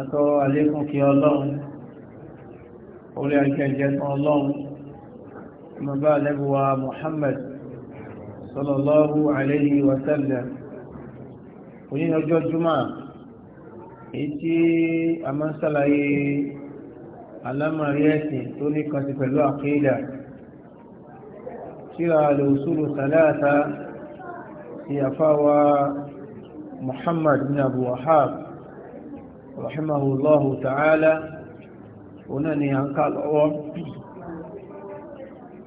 atọ́ alékún kí ọlọ́run orí akẹ́jẹ́ fún ọlọ́run mọ̀bá lẹ́bùwa Muhammad sallallahu alayhi wa sallam òní ọjọ́ jùmọ́ èyí tí a máa ń sàlàyé alámàrí tó ní kan sí pẹ̀lú àkídà tíra al-usulu thalatha ti àfáwà Muhammad bin Abu Wahab رحمه الله تعالى ونني ان قال او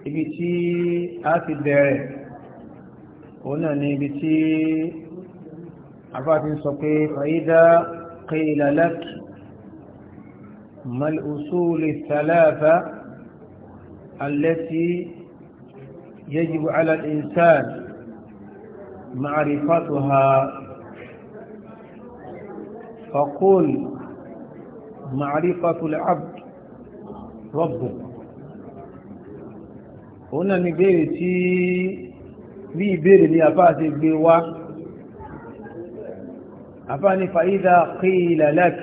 ابيتي اتي بيري ونني ابيتي عباد سوكي فاذا قيل لك ما الاصول الثلاثه التي يجب على الانسان معرفتها فقل معرفة العبد ربه هنا نبيري تي bí ìbéèrè ní àfáà ti gbé wá àfáà ní fàídà qila lak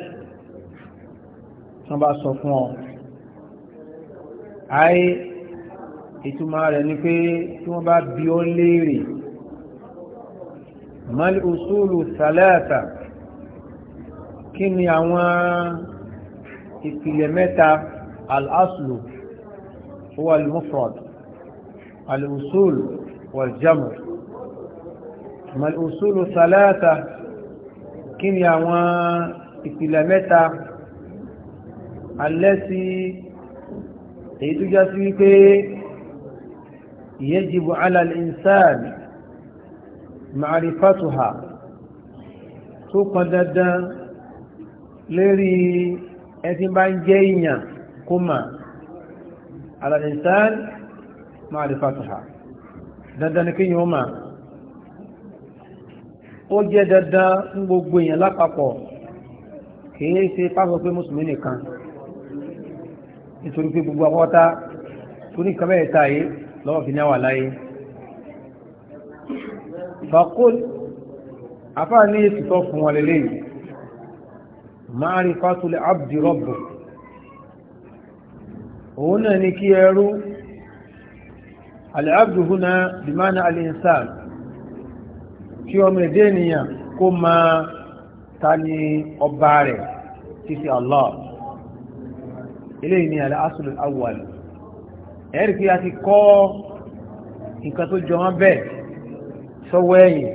wọ́n bá sọ fún ọ ayé ìtumọ̀ rẹ̀ ni pé tí wọ́n bá bí ó léèrè mal usulu thalatha kí ni àwọn ìpìlẹ̀ mẹ́ta al-aslu huwa al-mufrad al-usul wal-jamu mal-usulu thalatha kí ni àwọn ìpìlẹ̀ mẹ́ta alẹ́sí èyí tó já sí wípé yajibu ala al tó kan dandan lérí ẹtí bá ń jẹ́ ìyàn kó mà alàdìsán máa lè fàtàhà dandan ni kíyàn ó mà ó jẹ́ dandan fún gbogbo èèyàn lápapọ̀ kìí ṣe pásọ pé mùsùlùmí nìkan nítorí pé gbogbo apọ́ta tó ní kàbẹ́ ẹ̀ta yìí lọ́wọ́ fi ní àwà láyé fàkó afáà ní èsì fún wọn lélẹ́yìí ma'rifatul abdi rabbu òun náà ni kí ẹrú al-abdu huna bi ma'na al-insan kí ọmọ èdè ènìyàn kó máa ta ni ọba rẹ̀ títí Allah eléyìí ni al-aslu ẹ̀rí kí a ti kọ́ nǹkan tó jọ wọn bẹ́ẹ̀ sọ́wọ́ ẹ̀yìn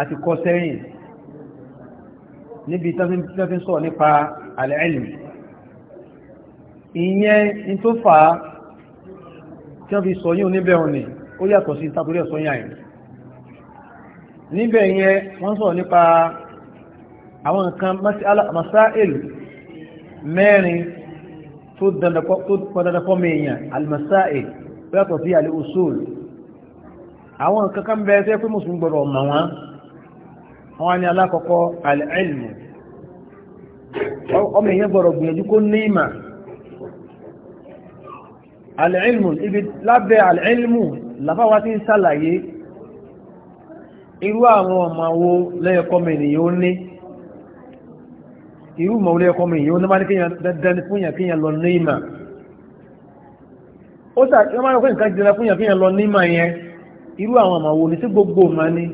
àti kọ́ sẹ́yìn níbi tẹ́fín sọ nípa al-ilm ìyẹn in tó fà á tí wọ́n fi sọ yíò níbẹ̀ òní ó yàtọ̀ sí tàbí ẹ̀sọ́ yàn yìí níbẹ̀ yẹn wọ́n sọ nípa àwọn nǹkan masáìlì mẹ́rin tó dandakọ́ mẹ́yàn al-masáìlì ó yàtọ̀ sí al-usul àwọn nǹkan kan bẹ́ẹ̀ tẹ́ pé mùsùlùmí gbọ́dọ̀ mọ̀ wọ́n àwọn ni alákọ̀ọ́kọ́ al-ilmu ọmọ èèyàn gbọ́rọ̀ gbìyànjú kó ní ìmà al-ilmu ibi lábẹ́ al-ilmu làbáwá tí ń sàlàyé irú àwọn ọmọ wo lẹ́yọkọ́mọ ènìyàn ó ní irú mọ̀ lẹ́yọkọ́mọ ènìyàn ó ní máa ní kíyàn dandan fún yàn kíyàn lọ ní ìmà ó àwọn ọmọ wo ní sí gbogbo ọmọ ní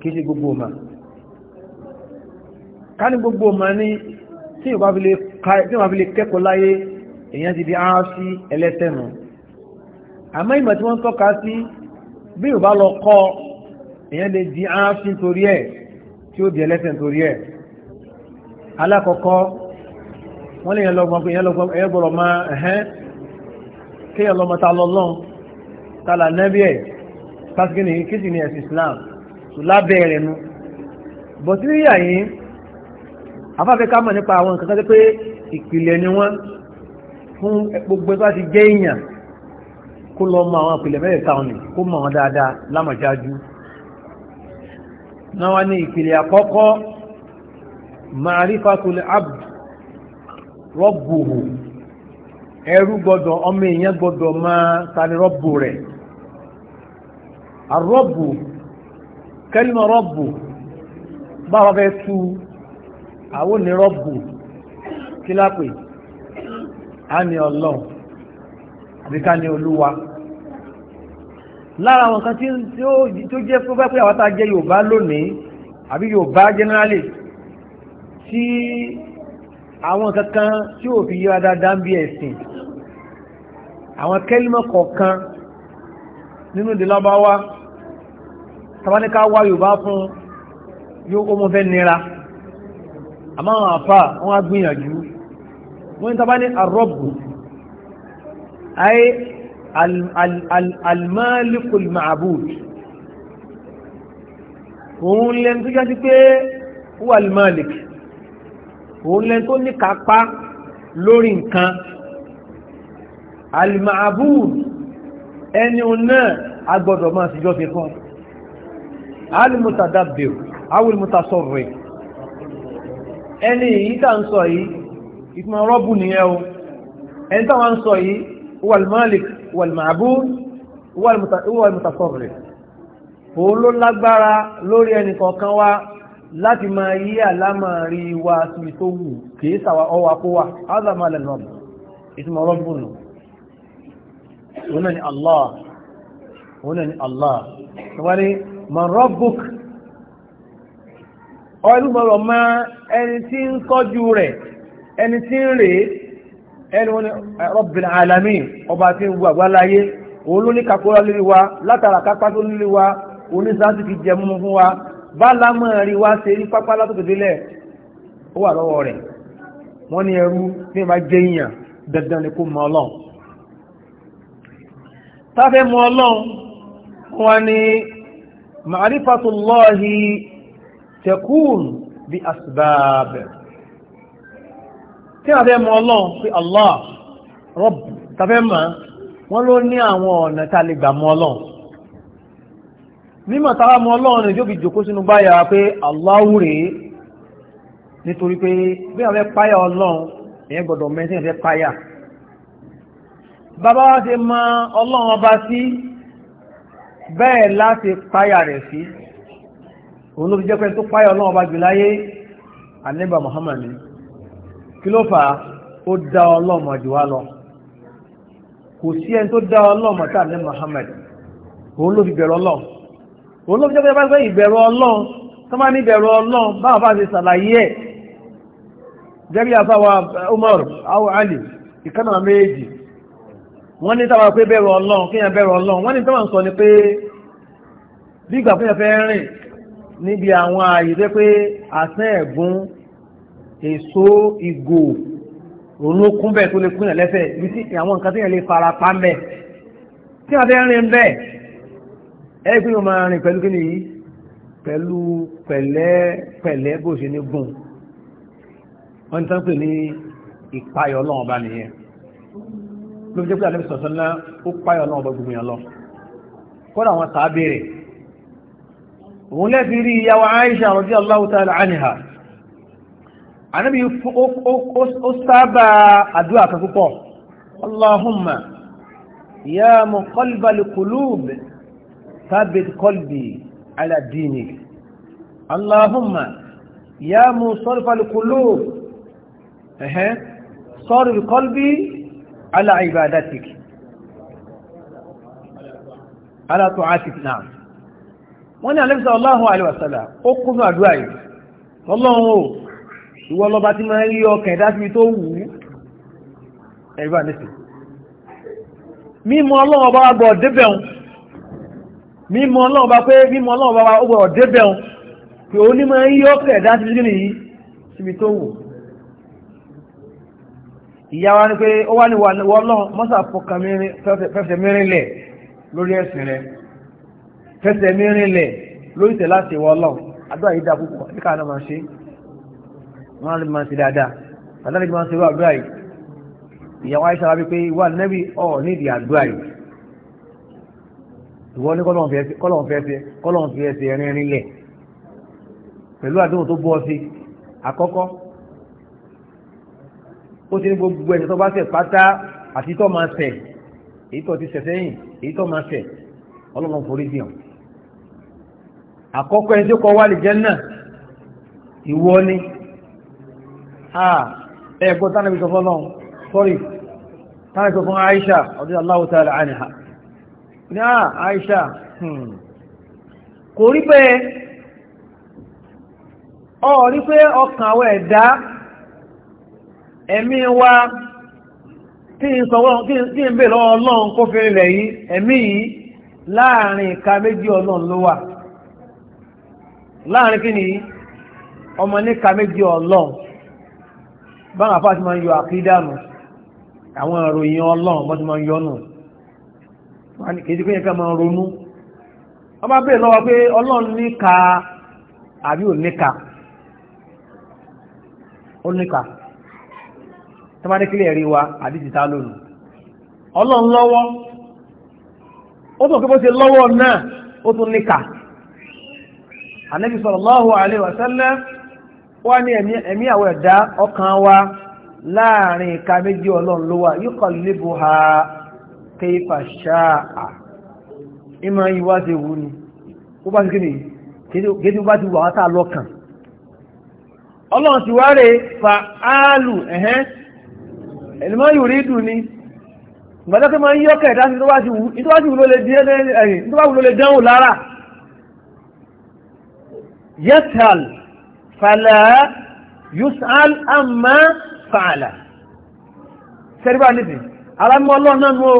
kí sí gbogbo ọmọ ká ní gbogbo ọmọ ní tí ìwà fi lè kẹ́kọ̀ọ́ láyé èèyàn ti di ahọ́n sí ẹlẹ́sẹ̀nù àmọ́ ìmọ̀ tí wọ́n tọ́ka sí bí ìwà lọ kọ́ èèyàn lè di ahọ́n sí torí ẹ̀ tí ó di ẹlẹ́sẹ̀ torí ẹ̀ alákọ̀ọ́kọ́ wọ́n lè yẹn lọ́gbọ́n pé èèyàn gbọ́dọ̀ máa ẹ̀hẹ́n ni kí sì Islam tó lábẹ́ rẹ̀ nu bọ̀tí níyà afáfẹ́ ká mọ̀ nípa àwọn nǹkan kan pé ìpìlẹ̀ ni wọ́n fún gbogbo ẹgbẹ́ ti jẹ́ èèyàn kó lọ mọ àwọn ìpìlẹ̀ mẹ́rẹ̀ẹ̀ta ọ̀nì kó mọ̀ wọn dáadáa lámọ̀jájú náà wá ní ìpìlẹ̀ àkọ́kọ́ ma'rifatul abd rabbuhu ẹrú gbọdọ̀ ọmọ èèyàn gbọdọ̀ máa tani rọ́bù rẹ̀ àrọ́bù kẹ́lìmọ̀ fẹ́ tú àwọn onírọ́bù kí lápè á ní ọlọ́run àbí ká ní olúwa lára àwọn kan tí ó jẹ́ pé bá pé àwọn tá a jẹ́ yorùbá lónìí àbí yorùbá generally tí àwọn kankan tí ò fi yíra dáadáa ń bí ẹ̀sìn àwọn kẹ́límọ̀ kọ̀ọ̀kan nínú ìdí tàbáníká wá yorùbá fún yóò ó mú fẹ́ nira àmọ́ àwọn àfà wọ́n á gbìyànjú wọ́n tàbá ní àrọ́bù ayé almalikul ma'abud òun lẹ́n tó jẹ́ sí pé wà almalik òun lẹ́n tó ní kápá lórí nǹkan alma'abud ẹni òun náà agbọ́dọ̀ máa síjọ́ fi fún almutadabbir awil mutasarrif ẹni yìí ń sọ yìí ìtumọ̀ rọ́bù nìyẹn o ẹni tà ń sọ yìí wal malik wal òun ló lágbára lórí ẹnì kọ̀ọ̀kan wa láti máa yí àlámàrí wa síbi tó wù kìí sàwà ọwà kó wà ìtumọ̀ rọ́bù nù òun náà ni Allah òun náà ni Allah ọlúgbọ̀rọ̀ ma ẹni tí ń tọ́jú rẹ̀ ẹni tí ń rèé ẹni wọn ni Rabbil Alamin ọba tí ń gbàgbá láyé òun ló ní kakóra lórí wa látara kápá tó lórí wa oníṣáàtì fi jẹ múmu fún wa bá lámọ̀ rí wa ṣe rí pápá látòkè ó wà lọ́wọ́ rẹ̀ wọ́n ní ẹrú tí ìbá jẹ́ èèyàn dandan ni kó mọ ọlọ́run táfẹ́ mọ ọlọ́run wọn ni ma'rifatullahi تكون bí asibáàbẹ̀ tí a fẹ́ mọ ọlọ́run pé allah rob tafẹ́ mọ́ wọ́n ló ní àwọn ọ̀nà tá a lè gbà mọ ọlọ́run mímọ̀ táwa mọ ọlọ́run rẹ̀ yóò fi jòkó sínú báyà pé allah rèé nítorí pé bí a fẹ́ páyà ọlọ́run èèyàn gbọ́dọ̀ mẹ́sìn fẹ́ páyà bàbá wa ṣe mọ ọlọ́run ọba sí bẹ́ẹ̀ láti páyà rẹ̀ sí òun ló fi jẹ́ pé tó páyọ̀ náà ọba jùláyé àníbà Muhammad ni kí ló fà á ó dá ọlọ́mọ jù wá lọ kò sí ẹni tó dá ọlọ́mọ tá àní Muhammad òun ló fi bẹ̀rù ọlọ́run òun ló fi jẹ́ pé bá fẹ́ ìbẹ̀rù ọlọ́run tó máa ní ìbẹ̀rù ọlọ́run báwa bá ṣe ṣàlàyé ẹ̀ jẹ́bi àfáwà uh, Umar awo uh, Ali ìkànnà méjì wọ́n ní táwa pé bẹ̀rù ọlọ́run kéèyàn bẹ̀rù ọlọ́run wọ́n ní táwa ń sọ ni pé bí ìgbà fún yẹn fẹ́ rìn níbi àwọn ààyè tẹ́ pé àtẹ́ ẹ̀gún èso ìgò òun ló kún bẹ́ẹ̀ tó lè kún yàn lẹ́sẹ̀ ibi tí àwọn nǹkan téèyàn lè fara pa ń bẹ̀ tí wọ́n fẹ́ rìn bẹ́ẹ̀ ẹ gbé wọn máa rìn pẹ̀lú kíni yìí pẹ̀lú pẹ̀lẹ́ pẹ̀lẹ́ bó ṣe ní gùn wọ́n ti tán ní ìpayọ̀ ọlọ́run ọba nìyẹn ló jẹ́ pé àlẹ́ sọ̀tọ́ ńlá ó payọ̀ ọlọ́run ọba gbogbo yàn lọ kódà wọn sàá béèrè òun lẹ́fi rí ìyàwó Aisha radiyallahu ta'ala anha anábi ó sábà àdúrà kan púpọ̀ Allahumma ya muqallibal qulub thabbit qalbi ala dinik Allahumma ya musarrifal qulub ẹ̀hẹ́ sarrif qalbi ala ibadatik ala ta'atik wọ́n ní alẹ́bíṣà ọláhùn àlèwàsàlà ó kún àdúrà yìí o ìwọ lọba tí máa ń yí ọkàn ẹ̀dá tó wù ú ẹ̀rí bá nísì mímọ̀ ọlọ́run ọba wa gbọ́dọ̀ débẹ̀un ọlọ́run pé ọlọ́run pé ó ní máa ń tó fẹsẹ̀ mi rinlẹ̀ lórí tẹ̀ láti wọ ọlọ́run àdúrà yìí dá púpọ̀ ní káà náà máa ṣe wọ́n á lè máa ṣe dáadáa àdáni máa ṣe irú àdúrà yìí ìyàwó àyíṣà wa pé wà nẹ́bí ọ̀ nídìí àdúrà yìí ìwọ ní kọ́lọ̀ fẹ́ẹ́ kọ́lọ̀ fẹ́ẹ́ ṣe rin rinlẹ̀ pẹ̀lú àdéhùn tó bọ́ sí àkọ́kọ́ ó ti ní gbogbo ẹ̀ṣẹ̀ tó bá ṣẹ̀ pátá àti tó máa ṣẹ̀ èyí tó ti ṣẹ̀ sẹ́yìn èyí tó máa ṣẹ̀ ọlọ́run forí dìhàn àkọ́kọ́ ẹni tí kọ wà lè jẹ́ náà ìwọ ni ẹgbọ́ tánàbí sọ fún náà tánàbí sọ fún Aisha radiyallahu ní à ah, Aisha hmm, kò rí pé ọ rí pé ọkàn ẹ̀dá ẹ̀mí wa tí ń sọ tí ń bè lọ́wọ́ ọlọ́run kó ẹ̀mí yìí láàrin ìka méjì ọlọ́run ló wà láàrin kí ni ọmọ níka méjì ọlọ́run báwọn afá ti máa ń yọ àkídànù àwọn ìròyìn ọlọ́run bọ́n ti máa ń yọ nù kìí pé ka máa ronú wọ́n bá bèèrè lọ́wọ́ pé ọlọ́run níka àbí ò níka ó níka tó bá dékílẹ̀ rí wa àbí ti ta lónìí ọlọ́run lọ́wọ́ ó tún kí bó ṣe lọ́wọ́ náà ó tún níka. Ànábì sallallahu alaihi wasallam wá ní ẹ̀mí àwọn ẹ̀dá ọkàn wa láàrin ìka méjì ọlọ́run ló wà yuqallibuha kayfa sha'a ìmọ̀ ìwá ti wù ní ó bá ti kíni gẹ́gẹ́ bá ti wà wátà lọ́kàn ọlọ́run ti wáre fa áàlù ẹ̀hẹ́n ẹ̀lùmọ́ yìí rí dùn ni ìgbàdọ́kẹ́ máa ń yọ́kẹ̀ ìdásí tó bá wù ló lè dánwò lára يسأل فلا يسأل أما فعل sẹ́ríbà níbi alámọ́ ọlọ́run náà mọ́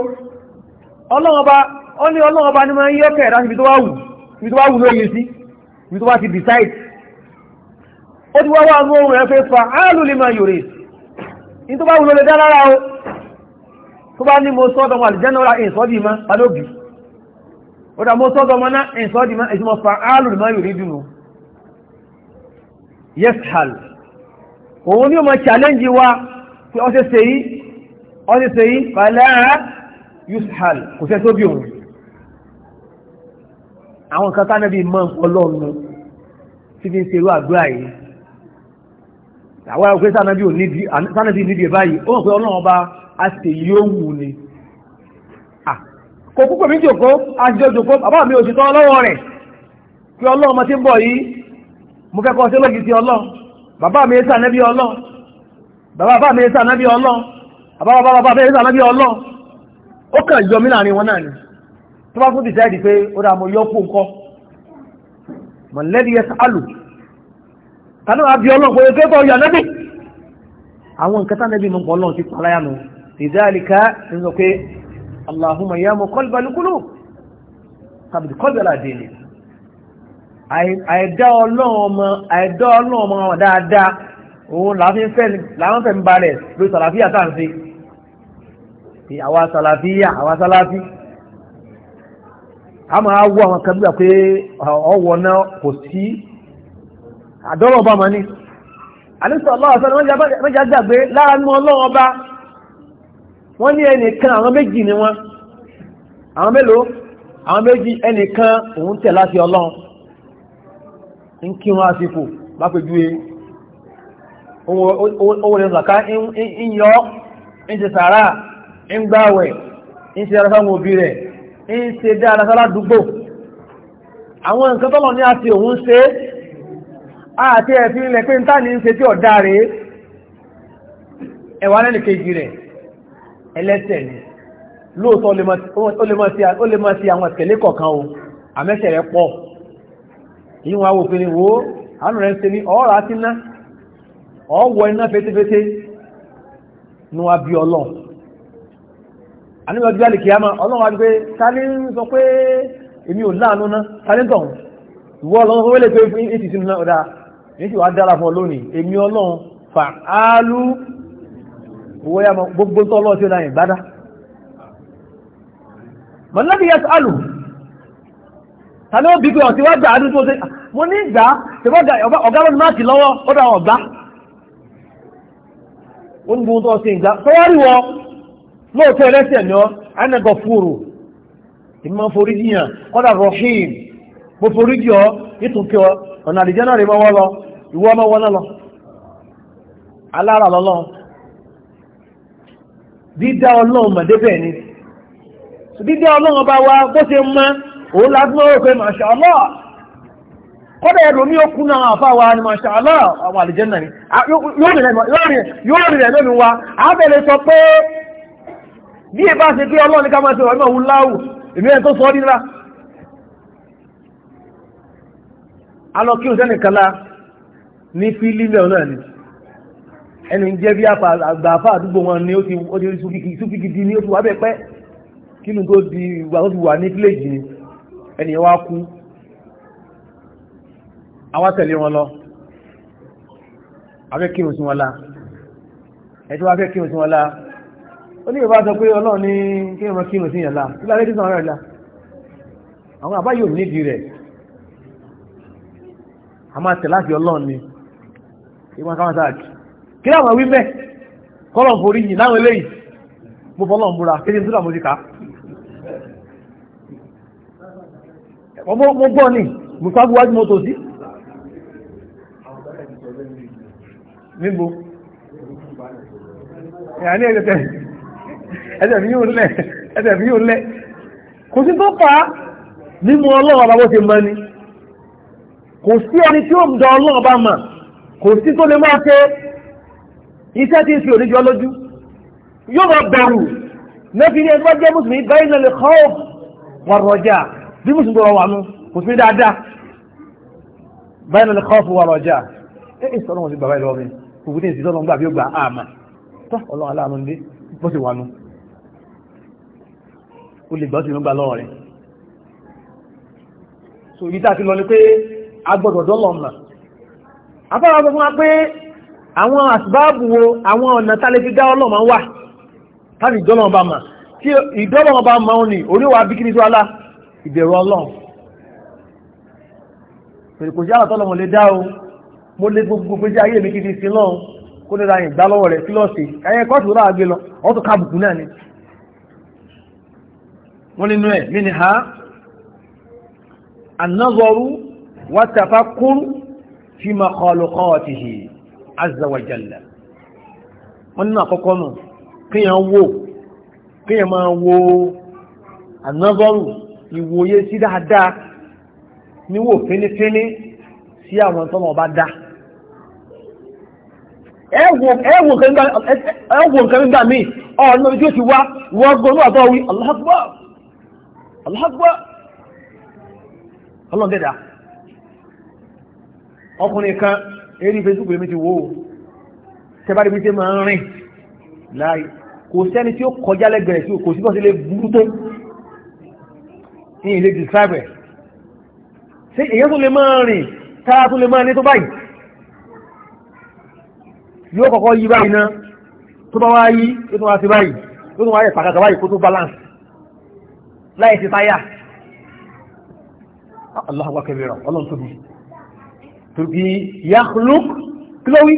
ọlọ́ọba ó ní ọlọ́ọba ní máa ń yọ́kẹ̀ ẹ̀dá ibi tó wá wù ibi tó wá wù lóye sí ibi tó wá ti decide ó ti wá wà mú ohun ẹ̀fẹ́ fa áàlù lè máa yòrè ní tó bá wù lóye dálára o tó bá ní mo sọ́dọ̀ wọn àlìjẹ́nàrà ìsọ́dì má balóbi ó dà mo sọ́dọ̀ mọ́ ná ìsọ́dì má èsì mọ́ fa áàlù lè máa yòrè dùn yeshal òun ni ó máa challenge wa pé ọ̀sẹ̀ sèyí ọ̀sẹ̀ sèyí fàlẹ́ yushal kò sẹ́ tó bí òun àwọn kan tánà bíi mọ́ ọlọ́run tí fi ń ṣerú àdúrà yìí àwọn àwọn òkúta tánà bíi níbi báyìí ó mọ̀ pé ọlọ́run ọba a sì yóò wù ni kò púpọ̀ mi jòkó a sì jọ jòkó bàbá mi ò sì tọ́ lọ́wọ́ rẹ̀ pé ọlọ́run ọmọ tí ń bọ̀ yìí mo fẹ́ kọ́ sí lógi ti ọlọ́run bàbá mi sà nẹ́bí ọlọ́run bàbá bàbá mi sà nẹ́bí ọlọ́run bàbá bàbá bàbá mi sà nẹ́bí ọlọ́run ó kàn yọ mí láàrin wọn náà ni tó bá fún dìsáìdì pé ó dà mo yọ kó nǹkan mọ̀lẹ́dí yẹn alù tàbí àbí ọlọ́run kò yẹ kí ó tọ́ yọ nẹ́bí àìdá ọlọ́run ọmọ àìdá ọlọ́run ọmọ wọn dáadáa òun làwọn fẹ́ ń balẹ̀ lórí sàlàfíà tá à ń ṣe àwa sàlàfíà àwa sàlàfí a máa wọ àwọn kan gbà pé ọwọ́ náà kò sí àdọ́rọ̀ ọba mọ́ ni àníṣọ́ ọlọ́run ọ̀sán ni wọ́n já gbàgbé lára nínú ọlọ́run ọba wọ́n ní ẹnìkan àwọn méjì ni wọ́n àwọn mélòó àwọn méjì ẹnìkan òun tẹ̀ láti ọlọ́run ń kírun àsìkò lápẹjúwe owó rẹ̀ zàká ń yọ ń ṣe sàárà ń gbáwẹ̀ ń ṣe ara fáwọn òbí rẹ̀ ń ṣe dáadáa sáládùúgbò àwọn nǹkan tọ́lọ̀ ní àti òun ṣe àti ẹ̀fí ilẹ̀ pé ń tà ní ṣe tí ọ̀dá rẹ̀ ẹ̀wà lẹ́nì kejì rẹ̀ ẹlẹ́sẹ̀ ni lóòótọ́ ó lè máa ṣe àwọn ìtẹ̀lé kọ̀ọ̀kan o àmẹ́sẹ̀ rẹ̀ pọ̀ yìí wọ́n wo àánú rẹ̀ ń ṣe ní ọ̀rọ̀ àti ná ọ̀wọ̀ iná fetefete ní wọ́n bí ọlọ́run àníwájú àlìkìyàmá ọlọ́run wájú pé sálí ń sọ pé èmi ò láàánú ná sálí ń tọ̀ ìwọ ọlọ́run pé èsì sínú náà ọ̀dà dára fún ọ èmi fà áálú gbogbo tó tí ó bá dá tàbí ó bí pé ọ̀sẹ̀ wá gbà àdúgbò ṣe mo ní ìgbà ṣèwọ́gbà ọ̀gá lọ́nà máàkì lọ́wọ́ ó dà ọ̀gbá ó ń gbóhùn tó ṣe ìgbà sọ́wárí wọ lóòótọ́ ẹlẹ́sẹ̀ ni ọ́ ẹnẹ́gọ̀ fúru máa forí kọ́dà rahim mo forí jì ọ ọ̀nà àdìjẹ́ náà rè mọ́ wọ́n lọ ọmọ wọn lọ alára lọ́lọ́ dídá ọlọ́run mọ̀ débẹ̀ ni dídá ọlọ́run ọba wa bó ṣe mọ́ òun lágbọ́n ó pé masha Allah kọ́dọ̀ ẹ̀rọ mi ó kú náà àfáwa ni masha Allah àwọn àlìjẹ́nà ni yóò rìn rẹ̀ lónìí wa àbẹ̀lẹ̀ sọ pé bí ẹ bá ṣe pé ọlọ́ọ̀ni ká máa ṣe wà náà wúláwù èmi ẹ̀ tó sọ ọ́ nílá alọ kí o sẹ́ni kala ní fílílẹ̀ náà ni ẹni jẹ́ bí àgbàfà àdúgbò wọn ni ó ti súkìkì ní ó ti wà bẹ́ẹ̀ pẹ́ kí ni tó di ìgbà tó ti wà ní fílẹ̀jì ni ẹni wá kú àwọn tẹ̀lé wọn lọ afẹ́ kírun sí wọn la ẹjọ́ wá fẹ́ kírun sí wọn la ó ní ìbá sọ pé ọlọ́run ní kírun mọ́ kírun sí yẹn la kí lálẹ́ kí sọ la àwọn àbáyò nídìí rẹ̀ a máa tẹ̀ láti ọlọ́run ni ìwọ̀n káwọn sáàkì kí láwọn wí mẹ́ kọ́lọ̀ forí yìí láwọn eléyìí mo fọ́lọ́ mo gbọ́ ni musabu wájú mo tò sí. níbo ìyá ní ẹ̀jẹ̀ tẹ̀lé ẹ̀jẹ̀ mi yóò lẹ̀ ẹ̀jẹ̀ mi yóò lẹ̀ kò sí tó fà á mímú ọlọ́run ọba bó ṣe mọ ni kò sí ẹni tí ó ń dọ ọlọ́run ọba mà kò sí tó lè máa ṣe iṣẹ́ tí ń fi lójú yóò bẹ̀rù lẹ́fi ní ẹgbẹ́ jẹ́ mùsùlùmí báyìí bí mùsùlùmí tó rọ wà mú kò sí dáadáa báyìí náà lè kọ́ fún wa rọjà ẹ ẹ sọ ọlọ́run ti bàbá ìlọrin kò kú tí ìsìn so ibi tá a ti lọ ni pé a gbọ́dọ̀ dọ́lọ̀ mà afárá sọ fún wa pé àwọn àsìbáàbù wo àwọn ọ̀nà tá a lè fi ìbẹ̀rù ọlọ́run kò sí àtọ́lọ́ mo lè dá o mo lè gbogbo pé ayé mi kì fi sin kó lè yìn gbá lọ́wọ́ rẹ̀ kí lọ́ọ̀sì ayé kọ́ọ̀tù tó dáa gbé lọ ọ́n tó kábùkù náà ni wọ́n nínú ẹ̀ mí ni ha an-nazaru wa tafakkur fi makhluqatihi azza wa jalla wọ́n nínú àkọ́kọ́ nù kíyàn wò kíyàn máa wo an ìwòye sí dáadáa níwò fínífíní sí àwọn tọ́mọ ọba dá ẹ̀wò nǹkan nígbà míì ọ̀nà ojú ti wá wọ́n gbọ́n ní ọ̀tọ̀ wí Allahu Akbar Allahu Akbar ọlọ́dẹ̀dà ọkùnrin kan eré Facebook lèmi ti wò ó tẹ́bárí bíi tẹ́ máa ń rìn láàyè kò sẹ́ni tí ó kọjá lẹ́gbẹ̀rẹ̀ sí kò síbọ̀ sí lè burú tó ní ilé describe ẹ̀ sí èyẹ́ tó lè máa rìn tára tó lè máa ní tó báyìí yóò kọ́kọ́ yí báyìí náà tó bá wá yí yóò tó wá sí báyìí yóò tó wá yẹ pàkàkà báyìí kó tó balance láì sí táyà Allahu akbar kabira ọlọ́run tóbi tóbi yakhluq kílówí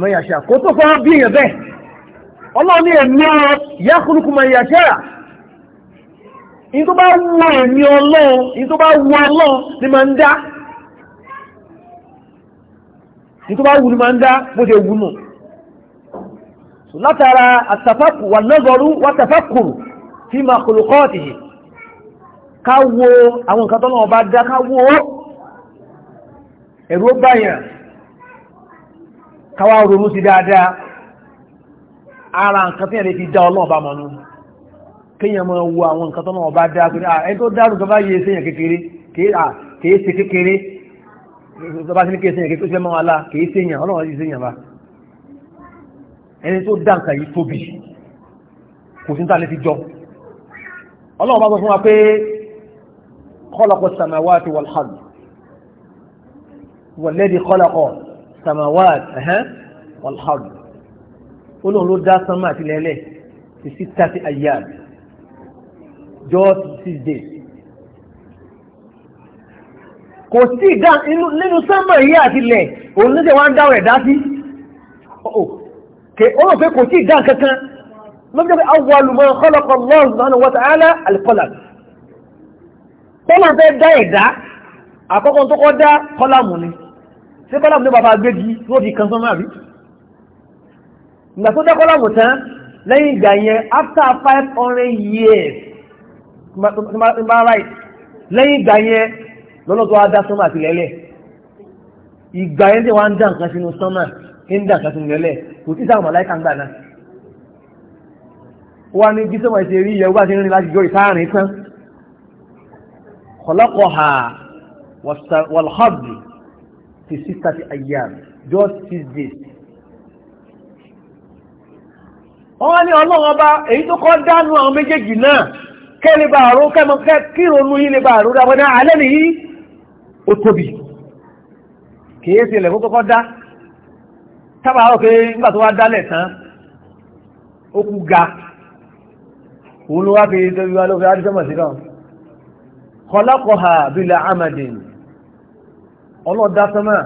mọ̀ yàṣà kó tó fọ́ bí èèyàn bẹ́ẹ̀ ọlọ́run ní ẹ̀mí yakhluq mọ̀ in tó bá wù ẹ̀mí ọlọ́run in tó bá wù ọlọ́run ni máa ń dá in tó bá wù ni máa ń dá bó ṣe wù nù látara àtàfàkù wà lọ́gọ́rú wà tàfàkùrù fi máa kòlùkọ́ọ̀tì ká wo àwọn nǹkan tọ́lọ́wọ́ bá dá ká wo ẹ̀rú báyàn káwá ronú sí dáadáa ara nǹkan tí ẹ̀rẹ́ fi dá ọlọ́ọ̀bá mọ́nú kéèyàn máa wo àwọn nǹkan tọ́nà ọba dá pé ah, ẹni tó dárò tó bá yẹ séèyàn kékeré kìí ah, ṣe kékeré tó bá ti ní kéèyàn séèyàn kékeré tó ṣe máa wà lá kìí séèyàn ọlọ́run yìí séèyàn bá ẹni tó dá nǹkan yìí tóbi kò sí ní tàlẹ́ ti jọ ọlọ́run bá sọ fún wa pé kọ́lọ́kọ́ samawati wal hard kọ́lọ́kọ́ samawati eh, wal hard ló dá sánmà àtìlẹ́lẹ̀ sí sí tàti ayyáàbì just six days kò sí ìdá nínú sánmà yìí àti ilẹ̀ òun lóde wá ń dáwọ̀ ẹ̀dá sí oh, oh. ó rò pé kò sí ìdá kankan lọ́jọ́ pé awwalu ma khalaqa Allah subhanahu wa ta'ala al-qalam tọ́lá fẹ́ dá ẹ̀dá àkọ́kọ́ tó kọ́ dá kọ́lámù ni ṣé kọ́lámù ní bàbá agbégi tó fi kan sọ́mọ́ àbí ìgbà tó dá kọ́lámù tán lẹ́yìn ìgbà yẹn after five hundred years right lẹ́yìn ìgbà yẹn lọ́nà tó wá dá sánmà àti lẹ́lẹ̀ ìgbà yẹn tí wọ́n á ń dá nǹkan sínú sánmà ń dá nǹkan sínú lẹ́lẹ̀ kò tí sáwọn màláìka ń gbà náà wọ́n ní bí sọ́mọ̀ ṣe rí ìyẹ̀wò bá ti rìn láti jọ ìsáàrin tán khalaqaha wal-ardi fi sittati ayyam just six days wọ́n ní ọlọ́run ọba èyí tó kọ́ dánú àwọn méjèèjì náà kẹ́lẹ̀ bá àrùn kẹ́mọ kíronú yìí lè bá àrùn dáwọn náà alẹ́ nìyí ó tóbi kìí ṣe ilẹ̀kùn kọ́kọ́ dá tábà àwọn kéré nígbà tó wá dálẹ̀ tán ó kú ga òun ló wá fi tóbi wá ló fi adé sọ́mọ̀ sí náà kọlákọ̀ọ́hà bílẹ̀ amadin ọlọ́dá sọ́mọ̀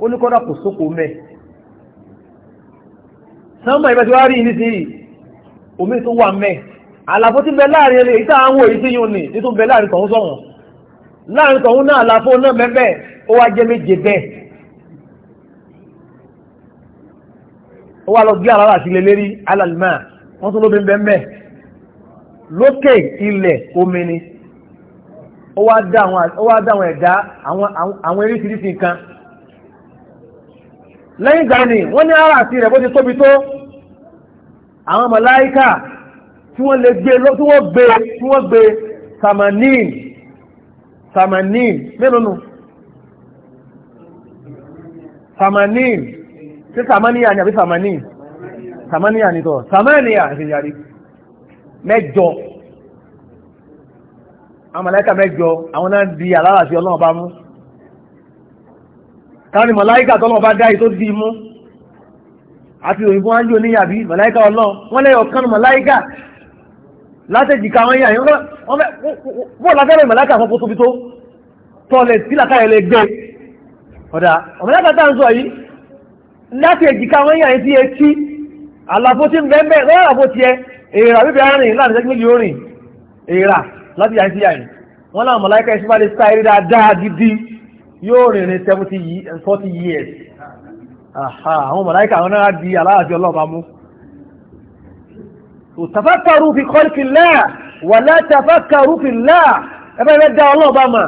ó ní kọ́dà kò sóko mẹ́ sọ́mọ̀ ìbẹ̀tí wá rí ní sí omi tó wà mẹ́ẹ̀ àlàfo tí bẹ láàrin ẹni ìta àwọn òyìn tí yóò ní títún bẹ láàrin tọ̀hún sọ̀rọ̀ láàrin tọ̀hún náà àlàfo náà mẹ́fẹ́ ó wá jẹ́ méje bẹ́ẹ̀ ó wá lọ gbé àlàrà sílẹ̀ lérí alàlùmá wọ́n tún lóbi bẹ́ẹ̀ mẹ́ lókè ilẹ̀ omi ni ó wá dá àwọn ẹ̀dá àwọn eríṣiríṣi nǹkan lẹ́yìn ìgbà ni wọ́n ní ara àti rẹ̀ bó ti tóbi tó àwọn màláíkà tí wọ́n lè gbé tí wọ́n gbé tí wọ́n gbé samanin samanin mélòó nù samanin ṣé samania ni àbí samanin samaniya ni tọ́ samaniya ṣe yàrí mẹ́jọ amàláìkà mẹ́jọ àwọn náà di aláràṣẹ ọlọ́run bá mú káwọn ni màláìkà tọ́lọ́run bá dá yìí tó di mú àti òyìnbó ángel níyàbí màláìkà ọlọ́run wọ́n lẹ́yọ̀ kan màláìkà látẹ̀jìká wọn yà yín wọ́n lágbẹ́rẹ̀ ìmọ̀láka fún tóbi tó tọ́lẹ̀ sí làkàrẹ̀ gbé ọ̀dá ọ̀mọ̀láka tá ń sọ yìí látẹ̀jìká wọn yà yín sí etí àlàfo tí ń bẹ́ẹ̀ bẹ́ẹ̀ lọ́wọ́ àfo tiẹ̀ èèrà bíbí arìnrìn láti sẹ́gbẹ́ yìí orin èèrà láti yà yín sí yà yín wọ́n láwọn mọ̀láka ẹ̀sìn bá lè sa eré dáadáa gidi yóò rìnrìn seventy years àwọn mọ̀láka àwọn náà di aláàfin ọlọ́ọ̀bá mú tafakkaru fi khalqillah wa la tafakkaru fillah ẹ bá ẹ dá ọlọ́ọ̀bá mà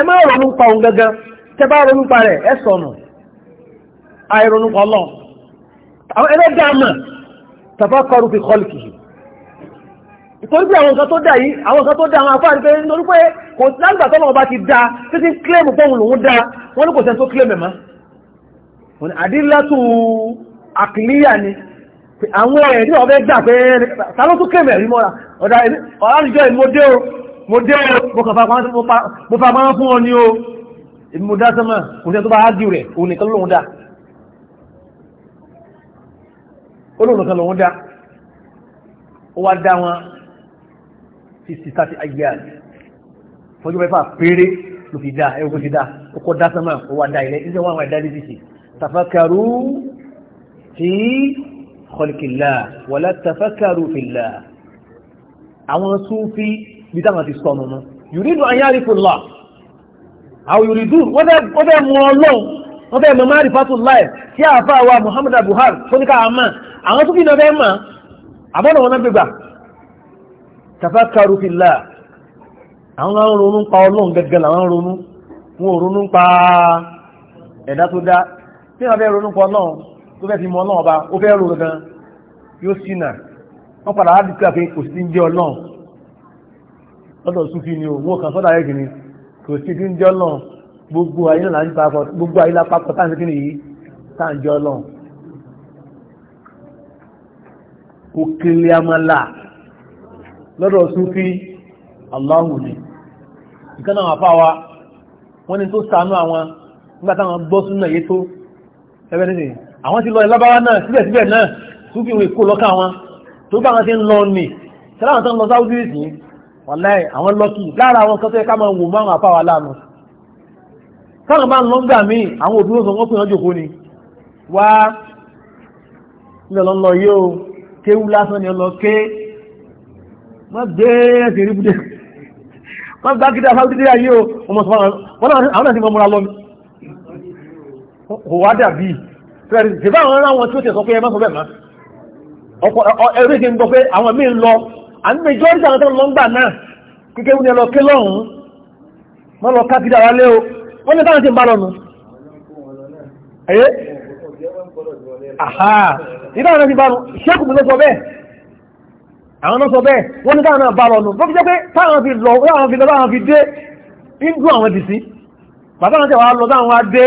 ẹ má ronú pa òun gangan tẹ bá ronú pa rẹ̀ ẹ sọnù àìronú pa ọlọ́ ẹ bá dá mà tafakkaru fi khalqihi ìtorí pé àwọn nǹkan tó dà yìí àwọn nǹkan tó dà àwọn afáàrí pé nítorí pé kò lágbà tọ́lọ̀ ọba ti da tí kílẹ̀mù fóun lòun da wọ́n ní kò sẹ́ni tó kílẹ̀mù ẹ̀ mọ́ àdílátù àkìlíyà ni àwọn ẹ̀rí ọ̀fẹ́ gbà pé sálọ́ tó kẹ́mẹ̀ rí mọ́ra ọ̀dá ọ̀lájọ́ ìmọdé o mọdé o mo fa máa fún ọ ní o ìmọdá sọ́mà kò sẹ́ tó bá ájú rẹ̀ òun nìkan lóhun dá olóhun nìkan lóhun dá ó wá dá wọn fi sì sáti ayé àti fọjú mẹ́fà péré ló fi dá ẹ̀rọ fi dá ó kọ́ dá sọ́mà ó wá dá ilẹ̀ ìṣẹ́ wọn àwọn ẹ̀dá kọlìkìlá wọlá tafakaru fìlá àwọn súnfí bí táwọn ti sọ nínú yùrídù ayárìfòlá àwọn yùrídù wọ́n fẹ́ mú ọlọ́run wọ́n fẹ́ mọ̀mọ́ àrífàtúlá ẹ̀ tí àáfà wa Muhammadu Buhari tó ní káàmà àwọn súnfí náà fẹ́ mọ̀ àbọ̀nà wọn gbégbà tafakaru fìlá àwọn àwọn ronú pa ọlọ́run gẹ́gẹ́ làwọn ronú wọn ò ẹ̀dá tó dá tí wọ́n fẹ́ ronú pa ọlọ́run tó fẹ́ fi mọ ọba ó fẹ́ rò gan yóò ṣìnà wọ́n padà wá dìkà pé kò sí jẹ́ lọ́dọ̀ súnfì ni o wọ́n kàn kìíní kò sí jẹ́ gbogbo ayé náà láti papọ̀ gbogbo ayé yìí amala lọ́dọ̀ súnfì ni nǹkan náà wàá fà wá wọ́n ní tó sànú àwọn nígbà táwọn gbọ́ tó ẹgbẹ́ àwọn ti lọ ìlábáwá náà síbẹ̀síbẹ̀ náà súnfì wọn èkó lọ́kà wọn tó bá wọn ti ń lọ nì sẹ́lá àwọn tó ń lọ sáwùdí ìsìn wọn láì àwọn lọ́kì lára àwọn kan tó yẹ ká máa wò máwọn àpáwà láàánú sáwọn bá ń lọ gbà míì àwọn òbí lóṣọ wọn pè wọn jòkó ni wá ilẹ̀ lọ lọ yóò kéwú lásán ni lọ ké má gbé ẹsẹ̀ rí búdé má gbá kíta sáwùdí dé ayé o ọmọ sọ wọn àwọn náà ti mọ múra lọ mi kò wá dàbí fẹ̀rẹ̀ ṣèbá àwọn ará wọn tí ó tẹ̀ sọ pé ẹ má sọ bẹ́ẹ̀ mọ́ ọkọ̀ ẹ̀rí ṣe ń gbọ́ pé àwọn míì ń lọ àní méjọ́rì àwọn tó ń lọ ń gbà náà kíkẹ́ wúni ẹ lọ ké lọ́hùn-ún wọ́n lọ ká kiri ara lé o wọ́n ní táwọn ti ń bá lọ nù. ẹ̀yẹ́ ìdá àwọn ti bá lọ ṣẹ́kù mi ló sọ bẹ́ẹ̀ àwọn náà sọ bẹ́ẹ̀ wọ́n ní táwọn náà bá lọ nù lọ́pọ̀ jẹ́ pé táwọn fi lọ táwọn fi lọ táwọn fi dé ń dún àwọn dì sí bàbá àwọn tẹ̀ wá lọ táwọn wá dé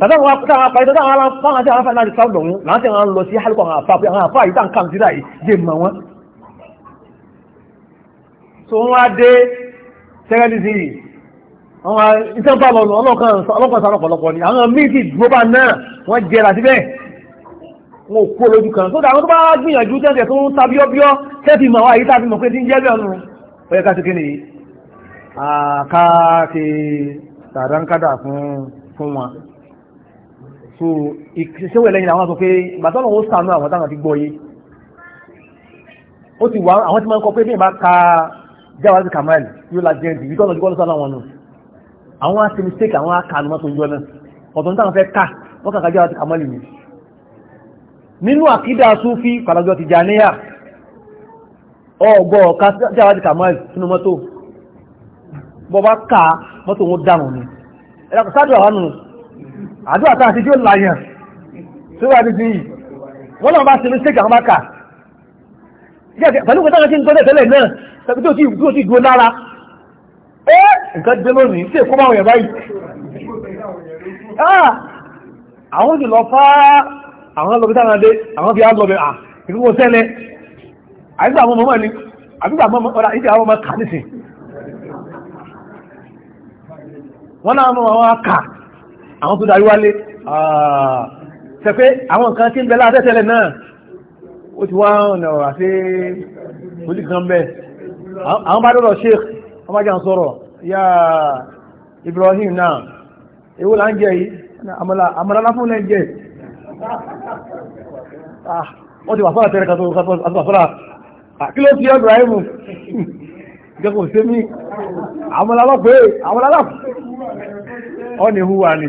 tàbí àwọn akọ́ta àwọn apàdé tàbí àwọn afáwọn àti àwọn afáwọn àti sáwọn lòun láti àwọn lọ sí hálùkọ àwọn afáwọn àwọn afáwọn ìtàn kan síra yìí jẹ mọ wọn. so wọn á dé sẹkẹndìsì yìí àwọn iṣẹ́ ń bá lọ ọlọ́kan ọlọ́kan sá lọ́pọ̀lọpọ̀ ni àwọn míì sì dúró bá náà wọ́n jẹrà síbẹ̀ wọn ò kú olójú kan tó dàwọn tó bá gbìyànjú tẹ̀sẹ̀ tó ń ta bíọ́bíọ́ tẹ́fì mọ̀ wáyé tàbí mọ̀ pé tí ń jẹ́ bẹ́ẹ̀ nù ó yẹ ká ti kéde àkáàkì tàdánkádà fún wọn so ìṣẹ́wẹ̀ lẹ́yìn àwọn sọ pé ìgbàtọ́nà ó sànú àwọn táwọn ti gbọ́yé ó ti wà àwọn tí máa ń kọ pé bí ìbá ka jáwá sí kamal yóò la jẹ́ ìdí ìtọ́nà ìgbọ́nà sọ́nà wọn nù àwọn á ti mistake àwọn á ka ànumọ́ tó ń jọ náà ọ̀tọ̀ ní táwọn fẹ́ ká wọ́n kàkà jáwá sí kamal yìí nínú àkídà súfí kàlàjọ ti jà níyà ọgbọ́ ọ̀ka jáwá sí kamal sínú mọ́tò bọ́ bá ka mọ́tò wọn dànù ni ẹ̀rọ àdúrà tá a ti jó làyàn tó wà nídìí yìí wọ́n náà bá ṣe mistake àwọn máka pẹ̀lú pé táwọn ti ń gbọ́dẹ̀ tẹ́lẹ̀ náà tàbí tó ti dúró ti dúró lára ẹ́ nǹkan dé lónìí tí èkó máa wọ̀ yẹn báyìí ah! àwọn ò lọ fá àwọn lọ bí táwọn àwọn fi á à ìdúró sẹ́lẹ̀ àìsàn àwọn ọmọ ni àbígbà àwọn ọ̀rà ìdí àwọn ọmọ kà nísìn wọ́n náà mọ̀ àwọn tó darí wálé ah, ṣe pé àwọn nǹkan tí ń bẹ látẹ́tẹ́lẹ̀ náà ó ti wá ọ̀nà àti olùkan bẹ́ẹ̀ àwọn bá dọ́dọ̀ sheikh wọ́n bá jẹun sọ̀rọ̀ ya Ibrahim náà èwo là ń jẹ yìí àmàlà láfún náà jẹ ah, wọ́n ti wà fọ́nà tẹ́rẹ kàtó àti wàfọ́nà ah, kí ló ti yọ Ibrahim gẹ́gùn sí mi àmàlà lọ́pẹ́ àmàlà lọ́pẹ́ ọ́ ni hùwà ni.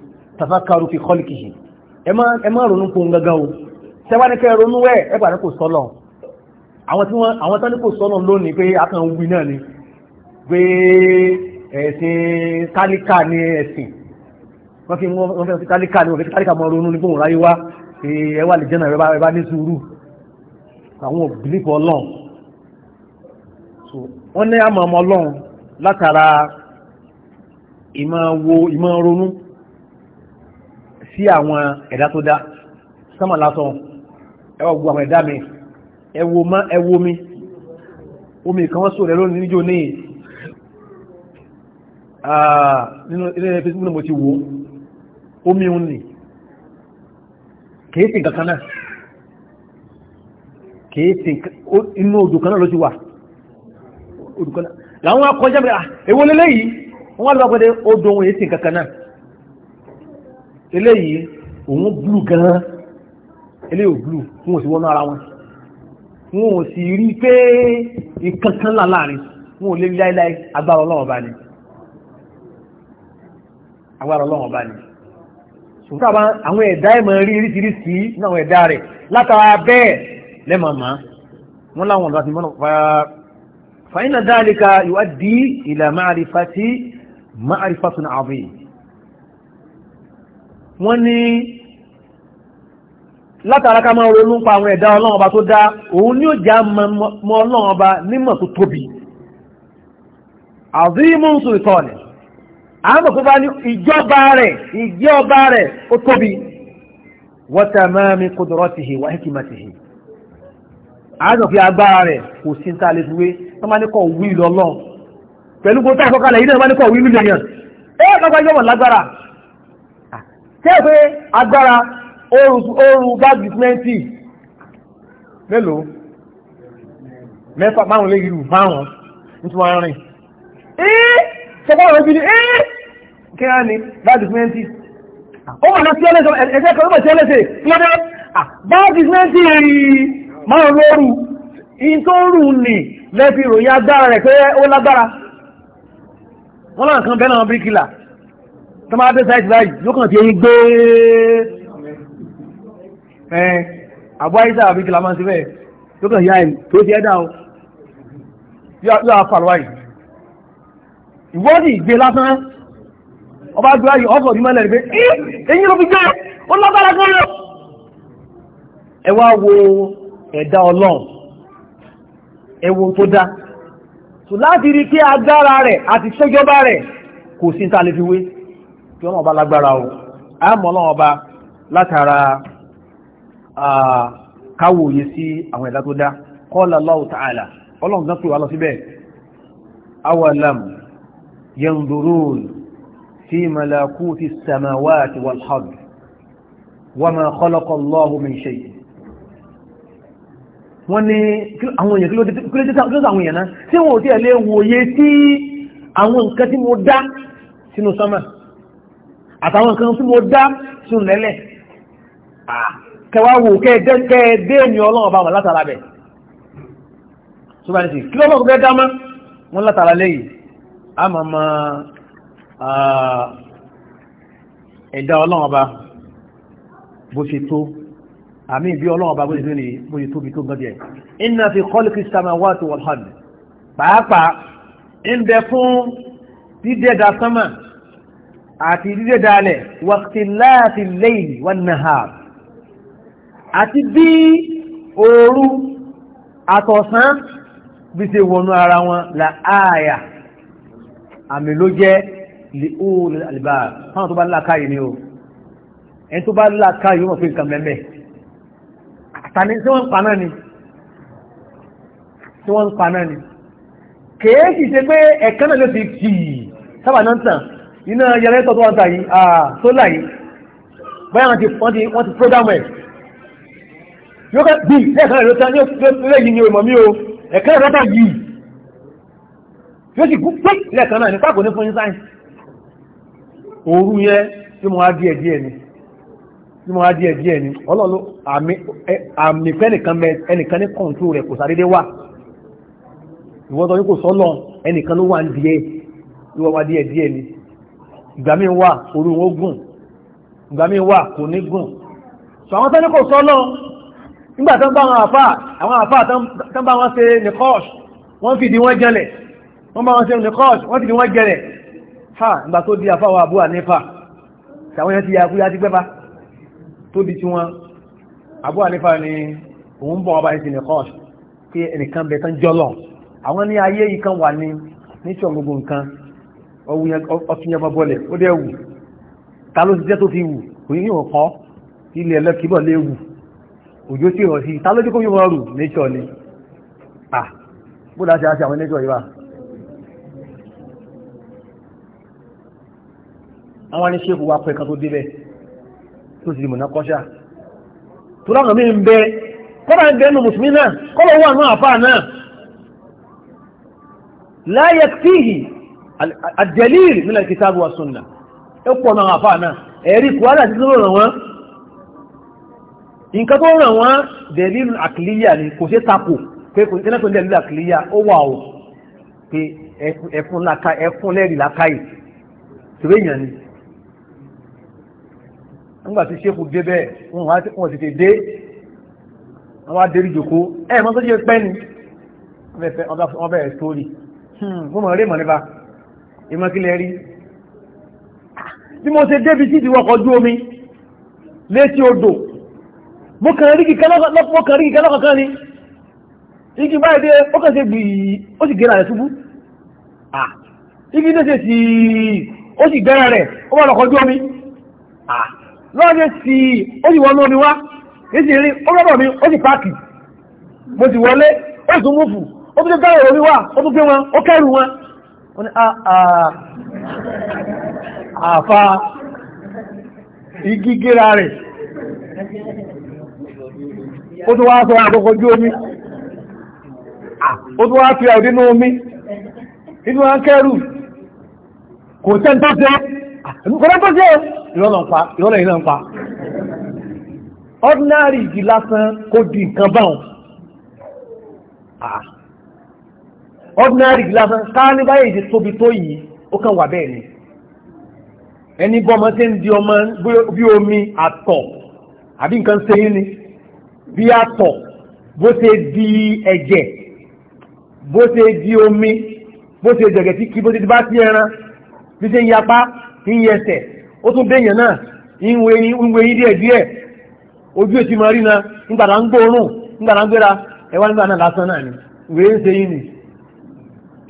tafakaru fi kọ́lìkìhì ẹ má ronú kó ń gágá o tẹ́wọ́n kẹ́ ronú ẹ̀ ẹ pàdé kò sọ́lọ̀ àwọn tí wọ́n àwọn tán ní kò sọ́lọ̀ lónìí pé a kàn wí náà ni pé ẹ̀sìn tálíkà ni ẹ̀sìn wọ́n fi wọ́n fẹ́ tálíkà ni òfin tálíkà mọ́ ronú ní fóun ráyé wá ẹ wà lè jẹ́ náà ẹ bá ní sùúrù àwọn òbílífù ọlọ́run wọ́n ní àmọ́ ọmọ ọlọ́run látara ìmọ̀ wo ìmọ̀ ronú sí àwọn ẹ̀dá tó dá sánmà lásán ẹ wá gbogbo àwọn ẹ̀dá mi ẹ wo mọ́ ẹ wo mi omi kan wọ́n sọ rẹ̀ lónìí níjó ní nínú ilé ẹ̀fẹ́ sí mo ti wò omi òun nì kìí sí nǹkan kan náà kìí sí inú odò kan náà ló ti wà odò akọjá mi à èwo lélẹ́yìí wọ́n lọ́pọ̀ pé odò òun èyí sí náà eléyìí òun blu gan-an eléyìí ò blu wọn ò sì wọnú ara wọn wọn ò sì rí pé ìkankan là láàrin wọn ò lè rí láéláé agbára ọlọ́wọ́n bá ní agbára ọlọ́wọ́n bá ní ṣùgbọ́n àwọn ẹ̀dá ẹ̀mọ̀ rí ríṣiríṣi ní àwọn ẹ̀dá rẹ̀ látara bẹ́ẹ̀ lẹ́mọ̀ọ́mọ́ wọn láwọn ọ̀dọ́ àti mọ́nà fàyínà dáàlíkà yóò dí ìlà máàrífàtì máàrífàtì náà àbẹ̀yìn wọ́n ní látara máa ronú pa àwọn ẹ̀dá ọlọ́run ọba tó dá òun ni ó já mọ ọlọ́run ọba nímọ̀ tó tóbi àzímú sùtọ̀nì àmọ́ ní ìjọba rẹ̀ ìjẹ́ rẹ̀ ó tóbi àjọ fi agbára rẹ̀ kò sí níta lè fiwé wọ́n máa ní kọ́ wí lọ́lọ́ tẹ́ pé agbára oru gáàsì twenty mélòó mẹ́fà márùn lé irú márùn nítorí wọn rìn ee sọgbọn àwọn ibi ni ee kí á ní gáàsì twenty ó wà lọ sí ẹlẹ́sẹ̀ ẹ̀sẹ̀ kan ó bẹ̀ sí ẹlẹ́sẹ̀ lọ́dẹ gáàsì twenty márùn lóru ìtòrù nì lẹ́fi ìròyìn agbára rẹ̀ pé ó lágbára wọn náà kan bẹ́ẹ̀ náà bíríkìlà tó máa dé sáìtì báyìí yóò kàn fi eyín gbé ẹ àbú àyíṣà àbí kìlá máa ń ṣe bẹ́ẹ̀ yóò kàn yá ẹ̀yìn tó ti ẹ̀dá o yóò á fàlọ́ àyè ìwọ́dì ìgbé lásán ọba gbé àyè ọkọ̀ ní mẹ́lẹ̀ rí pé eyín ló fi jẹ́ ó lágbára kan lọ. ẹ wá wo ẹ̀dá ọlọ́run ẹ wo tó dá so láti rí kí agbára rẹ̀ àti ṣẹ́jọba rẹ̀ kò sí ní ta lè fi kí ọlọ́run ọba lágbára o a mọ̀ ọlọ́run ọba látara káwòye sí àwọn ẹ̀dá tó dá qala Allahu ta'ala ọlọ́run gan pè wá lọ síbẹ̀ awalam yanzurun fi malakuti samawati wal ardi wama khalaqa Allahu min shay' wọ́n ní àwọn èèyàn kí ló dé àwọn èèyàn náà tí wọ́n ò tí wòye sí àwọn nǹkan tí mo dá sínú sánmà àtàwọn nǹkan tí mo dá sùn lẹ́lẹ̀ kẹwàá wò kẹ́ẹ̀dé èmi ọlọ́run bá wọn látara bẹ̀ ṣùgbọ́n kí lọ́lọ́run fẹ́ dámá wọn látara lẹ́yìn a máa ma ẹ̀dá ọlọ́run ọba bó ṣe tó àmì ìbí ọlọ́run ọba bó ṣe tó ní bó ṣe tóbi tó gbọ́dẹ̀ inna fi khalqis samawati wal ard pàápàá ń bẹ fún dídẹ̀dà sánmà àti dídé dalẹ̀ wàtíláàtì lẹ́yìn wọn náà àti bí òru àtọ̀sán bí ṣe wọnú ara wọn la ààyà àmì ló jẹ́ lè oòrùn àlìbà fáwọn tó bá lákàáyì ni o ẹni tó bá lákàáyì wọ́n fi nǹkan mẹ́mẹ́ àtàní tí wọ́n ń paná ni tí wọ́n ń paná ni kèé sì ṣe pé ẹ̀kan náà ló fi kì sábà náà tàn iná yẹlẹ́tọ̀ tó ah, wọ́n tà yìí sólà yìí báyà wọ́n ti wọ́n ti program ẹ̀ yóò kẹ́ bí lẹ́ẹ̀kan ẹ̀rọ tán yóò lẹ́yìn ní ìmọ̀ mi o ẹ̀kẹ́ ẹ̀rọ tán yìí yóò sì gún pé lẹ́ẹ̀kan náà ní káàkó ní fún yín sáyìn òru yẹn tí mo wá díẹ̀ díẹ̀ ni tí mo wá díẹ̀ díẹ̀ ni ọlọ́run àmì fẹ́ nìkan mẹ ẹnìkan ní kọ̀ǹtù rẹ̀ kò sáré dé wà ìwọ́n tó ní kò sọ́lọ̀ ẹnìkan ló wà ń díẹ̀ ló díẹ̀ ni ìgbà míì wà orí wọn gùn ìgbà míì wà kò ní gùn so àwọn tẹ́lẹ̀ kò sọ lọ́n nígbà tán bá àwọn àfà àwọn àfà tán bá wọn ṣe nìkọ́ọ̀ṣ wọ́n fìdí wọn jẹlẹ̀ wọ́n bá wọn ṣe nìkọ́ọ̀ṣ wọ́n fìdí wọn jẹlẹ̀ ha ìgbà tó di àfà wa àbúwà nífà tàwọn yẹn ti ya fúyá ti gbẹ́fà tó di tí wọn àbúwà nífà ni òun bọ̀ ọba ìsì nìkọ́ọ̀ṣ pé ẹnìkan bẹ̀ tán jọlọ àwọn ní ayé yìí kan wà ní níṣọ̀ gbogbo nǹkan ọtún yẹn bọ́lẹ̀ ó dẹ́ wù ta ló ti jẹ́ tó fi wù kò yí yóò kọ́ ilẹ̀ ẹlẹ́kìbọ̀ lé wù òjò sí rọ̀ sí ta ló dé kó yóò rù nature ni ah bó láti ṣe àwọn nature yìí wà. àwọn aníṣẹ́kù wa pẹ̀kan tó débẹ̀ tó sì di mọ̀nà kọ́ṣà tó láwọn mi ń bẹ kọ́nà ń bẹ nínú mùsùlùmí náà kọ́nà wà nínú àfáà náà la yakfihi àjẹlíl nílẹ̀ kìtàbù wa sunna ó pọ̀ náà àfáà náà ẹ̀rí kùwárà ti tó ràn wọ́n nǹkan tó ràn wọ́n dẹ̀lílù àkìlíyà ni kò ṣe tako pé kò tẹ́lẹ̀ pẹ̀lú dẹ̀lílù àkìlíyà ó wà ó pé ẹfun lẹ́rìí lákàyè tòwé èèyàn ni nígbà tí ṣéfù dé bẹ́ẹ̀ wọ́n ti dé wọ́n wá dérí jòkó ẹ̀ mọ́ tó ṣe wọ́n bẹ̀rẹ̀ sórí hmm, mo mọ̀ rí mọ̀ nípa ìmọ̀kílẹ̀ rí bí mo ṣe débi tí ìdíwọ́kọ̀ ojú omi létí odò mo kàn rí kíkẹ́ lọ́kọ̀ọ́kan ni igi báyìí dé ó kàn ṣe gbìyì ó sì gẹ́ra rẹ̀ ṣubú igi tó ṣe sí ó sì gẹ́ra rẹ̀ ó wà lọ́kọ̀ ojú omi lọ́wọ́ ṣe sí ó sì wọnú omi wá èsì rí ó rọ́bọ̀ mi ó sì páàkì mo sì wọlé ó sì tún múfù ó tún gbẹ́rẹ̀ omi wá ó tún gbé wọn ó kẹ́rù wọn wọ́n ní ah, ah, àfà igi gíra rẹ̀ ó tó wá sọ àkọ́kọ́ jú omi ah, ó tó wá fi àwọ̀dé ní omi inú wa ń kẹ́rù kò tẹ́ tó tẹ́ kò tẹ́ tó tẹ́ ìrọ́nà ìrọ́nà pa ordinary igi lásán kó di nǹkan báwọn ordinary glasses ká ní báyìí ti tóbi tó yìí ó kàn wà bẹ́ẹ̀ ni ẹni bọ́ ọmọ tí ń di ọmọ bí omi àtọ̀ àbí nǹkan sẹ́yìn ni bí àtọ̀ bó ṣe di ẹ̀jẹ̀ bó di omi bó ṣe jẹ̀gẹ̀ tí kí bó ṣe ti bá sí ẹran bí ṣe ń yapá ń yẹsẹ̀ ó tún béèyàn náà ń wé yín díẹ̀díẹ̀ ojú na ń gbàdá ń gbóòórùn ń gbàdá ń gbéra nígbà náà lásán náà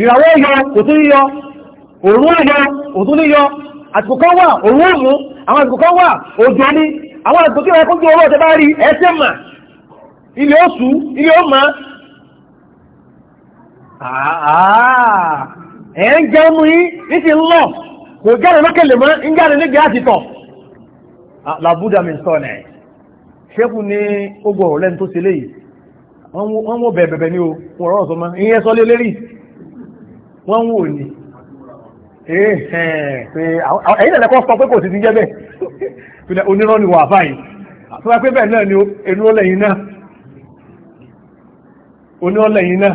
ìràwọ̀ yọ kò tún yọ òórùn yọ kò tún yọ àsìkò kan wà òórùn àwọn àsìkò kan wà òjò ní àwọn àsìkò kí wọ́n kó ju owó bá rí ẹsẹ̀ mà ilé oṣù ilé ẹ̀ ń jẹ́ mú ní ti lọ kò jáde lókèlè mọ́ ń jáde níbi àti tọ̀ làbúdà mi o wọ́n rọ̀ sọ mọ́ ìyẹn sọ lé wọ́n ń wò ní eh, eh, ẹ̀yìn lẹ́lẹ́kọ́ sọ pé kò sí ti jẹ́ bẹ́ẹ̀ onírọ́ ni wà báyìí tó wá pé bẹ́ẹ̀ náà ni onírọ́ lẹ́yìn náà onírọ́ lẹ́yìn náà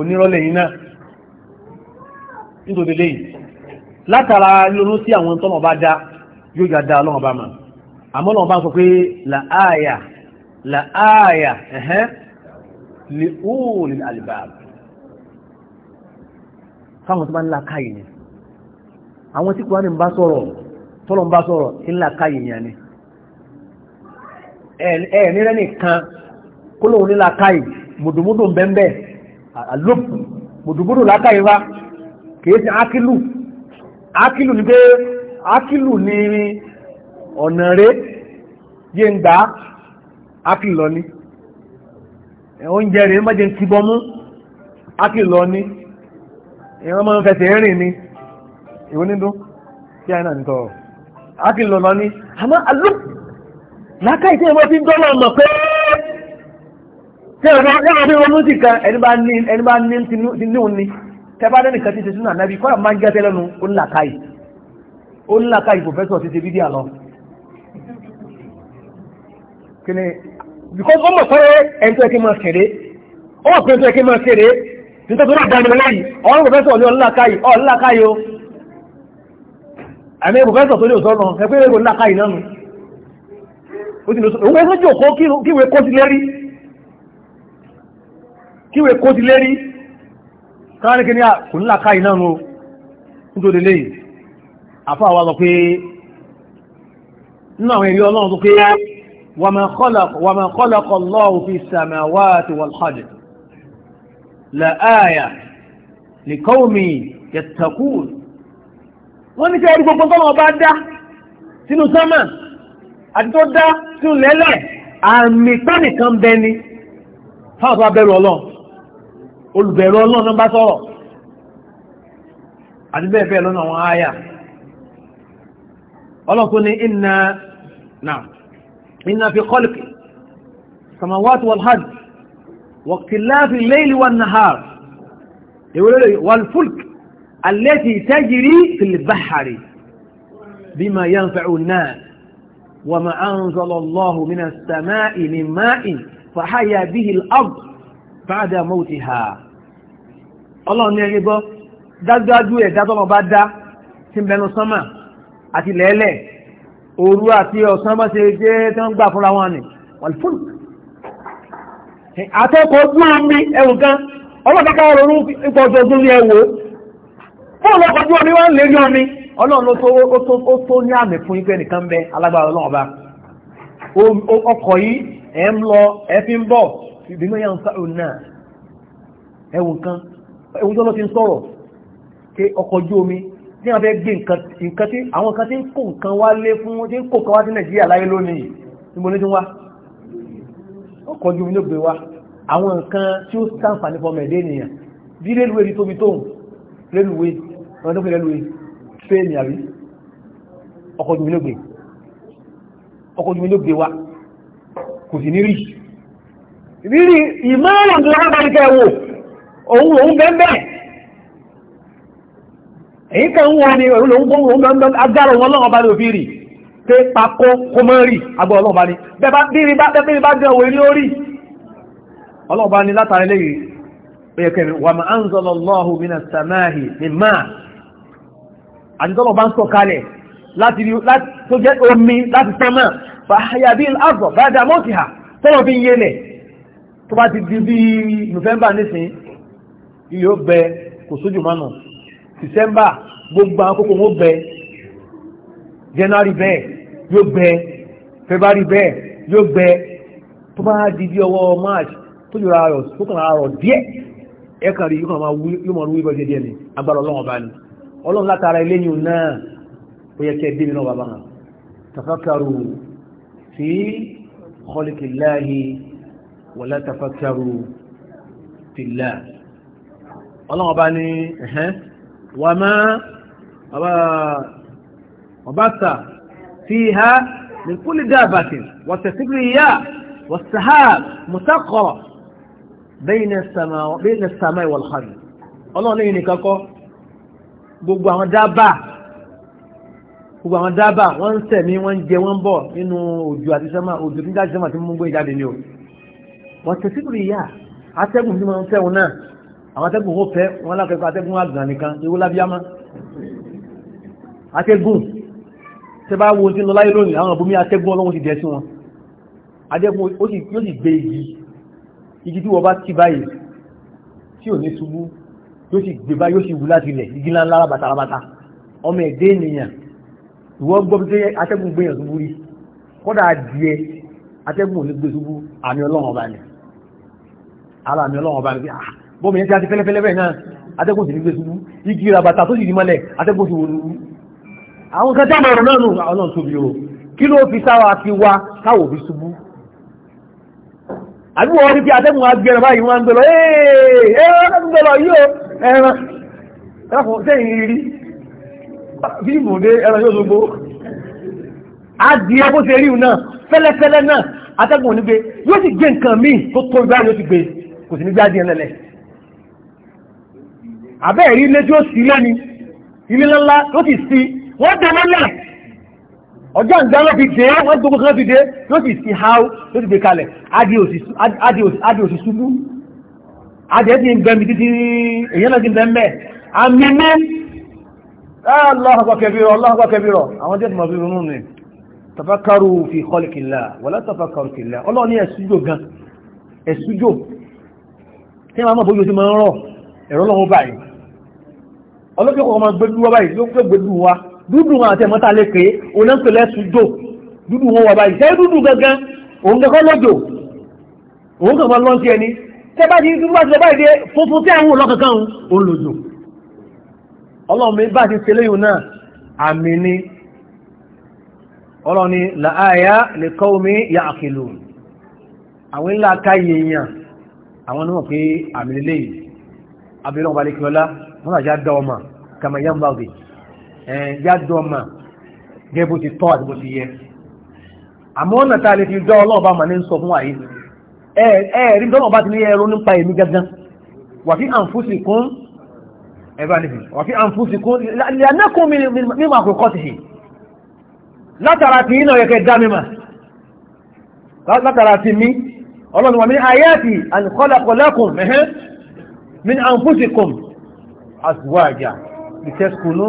onírọ́ lẹ́yìn náà nítorí lẹ́yìn látara lónú sí àwọn tọ́nà bá dá yóò já dá ọlọ́run bá mà àmọ́ ọlọ́run bá sọ pé làáyà làáyà ẹ̀hẹ́n lè ó lè àlìbáàbù fáwọn tó bá ń la káyì ni àwọn tí kùránì ń bá sọ̀rọ̀ tọ́lọ̀ ń bá sọ̀rọ̀ tí ń la káyì yẹn ni ẹ nírẹ́ nìkan kó lóun ní la káyì mùdùmúdù ń bẹ́ńbẹ́ mùdùmúdù la káyì wa kìí ṣe ákìlù ákìlù ni pé ákìlù ni ọ̀nà rẹ̀ yé ń gbà ákìlù lọ ni oúnjẹ rẹ̀ mọ́jẹ̀ ń kíbọ́ mú ákìlù lọ ni ìran máa ń fẹsẹ̀ rìn ni ìwé nídó tí àyìn náà ń tọrọ a kì í lọ lọ ní àmọ́ àlọ́ láká ìtẹ́ ìwọ́n fi ń dọ́là ọ̀nà pé tẹ́lẹ̀ náà yàrá bí wọ́n mú sí kan ẹni bá ní ẹni bá ní ti níhun ni tẹ́ bá dẹ́nìkan ti ṣe sínú ànábi kọ́ra máa ń jẹ́ tẹ́lẹ̀ nu ó ń làkàyè ó ń làkàyè pòfẹ́sọ̀ ti ṣe bídí àlọ́ kí ni because ó mọ̀ pé ẹni tó yẹ nítorí wọn dání lẹ́yìn ọ̀rọ̀ pòfẹ́sọ̀ ní ọ̀làkàyè ọ̀làkàyè o àmì pòfẹ́sọ̀ tó ní òsọ́ náà ẹgbẹ́ ìwé ọ̀làkàyè ó ti lọ òun ẹgbẹ́ jòkó kíwé kó ti lérí kíwé kò ní làkàyè náà nù tó pé wàmà làáyà lìkọ́ọ̀mì yẹtàkùn wọ́n ní sẹ́yìn gbogbo tọ́lọ́ ọba dá sínú sánmà àti tó dá sínú lẹ́lẹ̀ àmì pánìkan bẹ ni fáwọn tó bá bẹ̀rù ọlọ́run olùbẹ̀rù ọlọ́run náà bá sọ̀rọ̀ àti bẹ́ẹ̀ bẹ́ẹ̀ lọ́nà àwọn ọlọ́kùn ní inna náà inna fi khalqi samawati wal hajj واختلاف الليل والنهار يقول والفلك التي تجري في البحر بما ينفع الناس وما أنزل الله من السماء من ماء فحيا به الأرض بعد موتها الله نعيبه dájúdájú ẹ̀dá tọ́mọ bá dá tí bẹnu sánmà àti lẹ́lẹ̀ òru àti ọ̀sán bá ṣe jẹ́ tí àtọ́kọ̀ ojú omi ẹ̀wùn kan ọlọ́dọ́ká ọ̀rọ̀ ipò ọjọ́gbọ́n ní ẹwò fún ọlọ́pàá ojú omi wọ́n lè ní omi ọlọ́run ó tó ní àmì fún ipẹ́ nìkan bẹ alágbára ọlọ́run ọba ọkọ̀ yìí ẹ̀ ń lọ kan ẹ̀wùn tó lọ ti ń sọ̀rọ̀ pé ọkọ̀ ojú omi tí wọ́n fẹ́ gbé nǹkan tí àwọn kan ti ń kó nǹkan wá lé fún ti ń kó ọkọ̀ ojú omi ló gbé wa àwọn nǹkan tí ó sàǹfààní fọmọ ẹ̀dẹ́ ènìyàn bí rélùwé rí tóbi tóun rélùwé ọ̀nà tó fi rélùwé tréènì àbí ọkọ̀ ojú omi ló gbé ọkọ̀ ojú omi ló gbé wa kò sì ní rí rírì ìmọ̀ràn tó lọ́wọ́ bá ní kẹ́ wò òun òun bẹ́ẹ̀ bẹ́ẹ̀ èyí kan ń wọ ni òun lòun gbóhùn òun bẹ́ẹ̀ bẹ́ẹ̀ agbára òun ọlọ́run ọba ní òfin rì pé pakó kó mọ́ rí agbọ́ ọlọ́ọ̀bá ni bẹ́bí bá jẹ́ òwe ní orí ọlọ́ọ̀bá ni látàrí lè pẹ̀kẹ̀rẹ̀ wà máa ń zọlọ lọ́hù mínà sàmáhì ní máa àtìtọ́lọ̀ bá ń sọ kalẹ̀ láti tó jẹ́ omi láti November nísìn ilé ó bẹ kò sójú mọ́nà December gbogbo àwọn kókò wọn january bẹ́ẹ̀ yóò gbẹ february bẹ́ẹ̀ yóò gbẹ tó bá di bí ọwọ́ march tó yọra rọ̀ tó kàn rà rọ̀ díẹ̀ ẹ kàn rí yóò máa wú ibọ̀ díẹ̀ díẹ̀ ni agbára ọlọ́run bá ní ọlọ́run látara eléyìn náà ó yẹ kí ẹ débi náà bàbá hàn tafakaru fi kọlikiláhi wàlá tafakaru fìlà ọlọ́run bá ní wàmá وبث فيها من كل دابة وتسيب الرياح والسحاب مسخرة بين السماء بين السماء والخير Ọlọ́run lẹ́yìn nìkan kọ́ gbogbo àwọn dábà gbogbo àwọn dábà wọ́n ń sẹ̀mí wọ́n ń jẹ wọ́n ń bọ̀ nínú òjò àti sẹ́mà òjò tí ń jáde sẹ́mà tí mú gbé jáde ni o wọ́n tẹ̀ sí ìrì ìyá atẹ́gùn tí wọ́n ń fẹ́wọn náà àwọn atẹ́gùn ó fẹ́ wọn lákẹ́kọ̀ọ́ atẹ́gùn àgbà nìkan ewu lábíyá mọ́ atẹ́gùn tẹ bá wo tí lọ láyé lónìí àwọn ọ̀bùnmí atẹ́gùn ọlọ́run ti dẹ̀ sí wọn adẹ́gùn ó sì yóò sì gbé igi igi tí wọ́n bá ti báyìí tí ò ní ṣubú yóò sì gbé báyìí yóò sì wú láti ilẹ̀ igi ńláńlá rabata rabata ọmọ ẹ̀dẹ́ ènìyàn ìwọ́n gbọ́ pé atẹ́gùn gbé yàn ṣubú rí kọ́dà adìẹ atẹ́gùn ò ní gbé ṣubú àmì ọlọ́run ọba ni ara àmì ọlọ́run ọba ni bí ah, bọ́ọ̀mù yẹn ti fẹ́lẹ́fẹ́lẹ́ bẹ́ẹ̀ náà atẹ́gùn sì ní gbé ṣubú igi rabata tó sì ní mọ́lẹ̀ atẹ́gùn sì wò àwọn nǹkan tá àmọ̀ràn náà nù àwọn náà tóbi o kí ló fi sáwà fi wá káwò fi ṣubú àbúrò wọn ní kí atẹ́gùn wa gbẹ̀rẹ̀ báyìí wọn gbẹ̀rọ ẹ̀ẹ́rẹ́ gbẹ̀rọ yìí o ẹran ẹ̀fọ́ sẹ́yìn rí fíìmù dé ẹran yóò gbogbo adìẹ bó ṣe rí náà fẹ́lẹ́fẹ́lẹ́ náà atẹ́gùn onígbé yóò sì gbé nǹkan míì tó tó ibà yóò ti gbé kò sì ní gbé adìẹ lẹ́lẹ̀ àbẹ́ẹ̀rí ilé tí ó sì lẹ́ni ilé ńlá tó sì sí wọ́n dẹ̀ mọ́lẹ̀ ọjọ́ ìgbà ló fi dé wọ́n gbogbo kan fi dé ló sì sí how ló sì gbé kalẹ̀ adé òsì ṣubú adé ti ń bẹ̀mí títí èyàn náà ti ń bẹ̀mẹ́ àmì ní aláhùkọ́ kẹbìrọ̀ aláhùkọ́ kẹbìrọ̀ àwọn jẹ́ tìmọ̀ bí ronú ni tafakaru fi kọlìkìlá wọlá tafakaru kìlá ọlọ́ọ̀ni ẹ̀sùjò gan ẹ̀sùjò tí wọ́n máa bójú sí máa ń rọ̀ ẹ̀rọ lọ́wọ́ báyìí ọlọ́pẹ́ kọ̀ọ̀kan máa gbẹ́dúwọ́ báyìí ló gbẹ́gbẹ́dúwọ́ dúdú wọn àti ẹ̀mọ́ta lè pé onáńpẹ̀lẹ̀ sùjò dúdú wọn wà báyìí ṣé dúdú gangan òun kankan lójò òun kankan lọ́n ti ẹni tẹ́ bá ti dúdú bá ti lọ báyìí dé funfun tí àwọn olókankan òun lòjò ọlọ́run mi bá ti ṣe léyìn náà àmì ni ọlọ́run ni làáyá lè kọ́ omi ya àkìlù àwọn ńlá káyé èèyàn àwọn ní wọ́n pé àmì lélẹ́yìn abẹ́lẹ́ wọn balẹ̀ kí ọlá wọn àjá dá ọmọ kàmáyà yádọ́mà gẹ́gẹ́ bó ti tọ́ àti bó ti yẹ àmọ́ ọ̀nà tá a lè fi dá ọlọ́run bá màá ní sọ fún àyè ẹ̀ẹ́rí dọ́nà bá ti ní ẹrú nípa èmi gangan wà fí àǹfúsì kún ẹ̀bá nífi wà fí àǹfúsì kún lẹ́nàkún mímọ̀ àkókò tìhì látara ti iná yẹkẹ dá mímọ̀ látara ti mí ọlọ́run wà mí ayáàtì àkọlẹ́kùn mẹ́hẹ́ min àǹfúsì kún àzùwájà ìtẹ́sùkùnú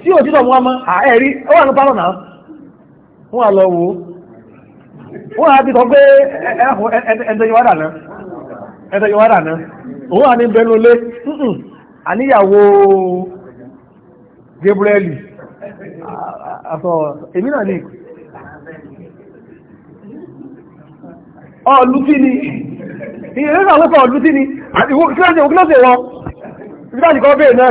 tí ò títọ̀ wọn mọ́ àẹ́rí ó wà ní pálọ̀ náà wọ́n à lọ wò ó wọ́n á ti sọ pé ẹ̀ẹ́dẹ̀yọ̀wádà náà ẹ̀ẹ́dẹ̀yọ̀wádà náà òun à ní bẹnu lé àníyàwó Gabrieli àtọ̀ èmi náà ní ọ̀lùtí ni ìyẹn nígbà lọ́pọ̀ ọ̀lùtí ni àti ìwọ́n kí lọ́sẹ̀ wọ́n nìkan bẹ́ẹ̀ náà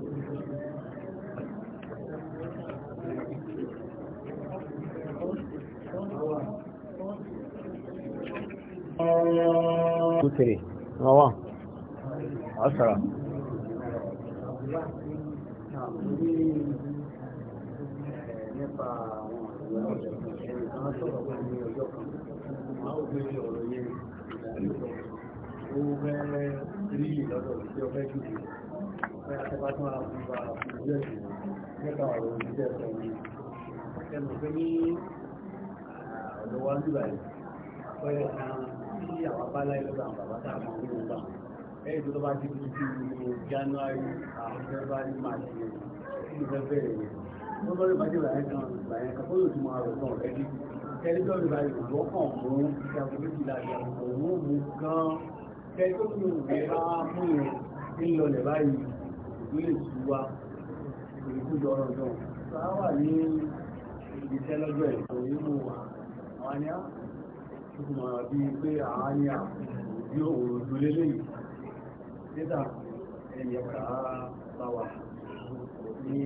two three number one asara. Ẹnu pé ní ọ̀dọ̀ wa ń dúbà yìí, ọ̀pẹ́ ẹ̀ka tí àwọn abálá ìlọ́gbà bàbá tá a mọ̀ ní ọgbà ẹ̀yìn tó bá ti di ti ìlú January àwọn February March ní February tó lọ́rọ̀ bá jẹ́ ìlànà kan ìlànà kan tó yóò tún máa rọ̀ náà ẹni tẹlifíọ̀nù bá yóò lọ́kàn mú ìyàwó méjìlá ìyàwó òun mú gan tẹlifíọ̀nù rẹ̀ bá mú yẹn ńlọlẹ̀ báyìí ìlú ìtura ìrìkújọ ọ̀rọ̀ náà sáwà ní ìdíṣẹ́ lọ́jọ́ ẹ̀ túnmọ̀ bí pé àáyà bí òun lólé lẹ́yìn títà ẹ̀yẹ̀ kàá bá wà ní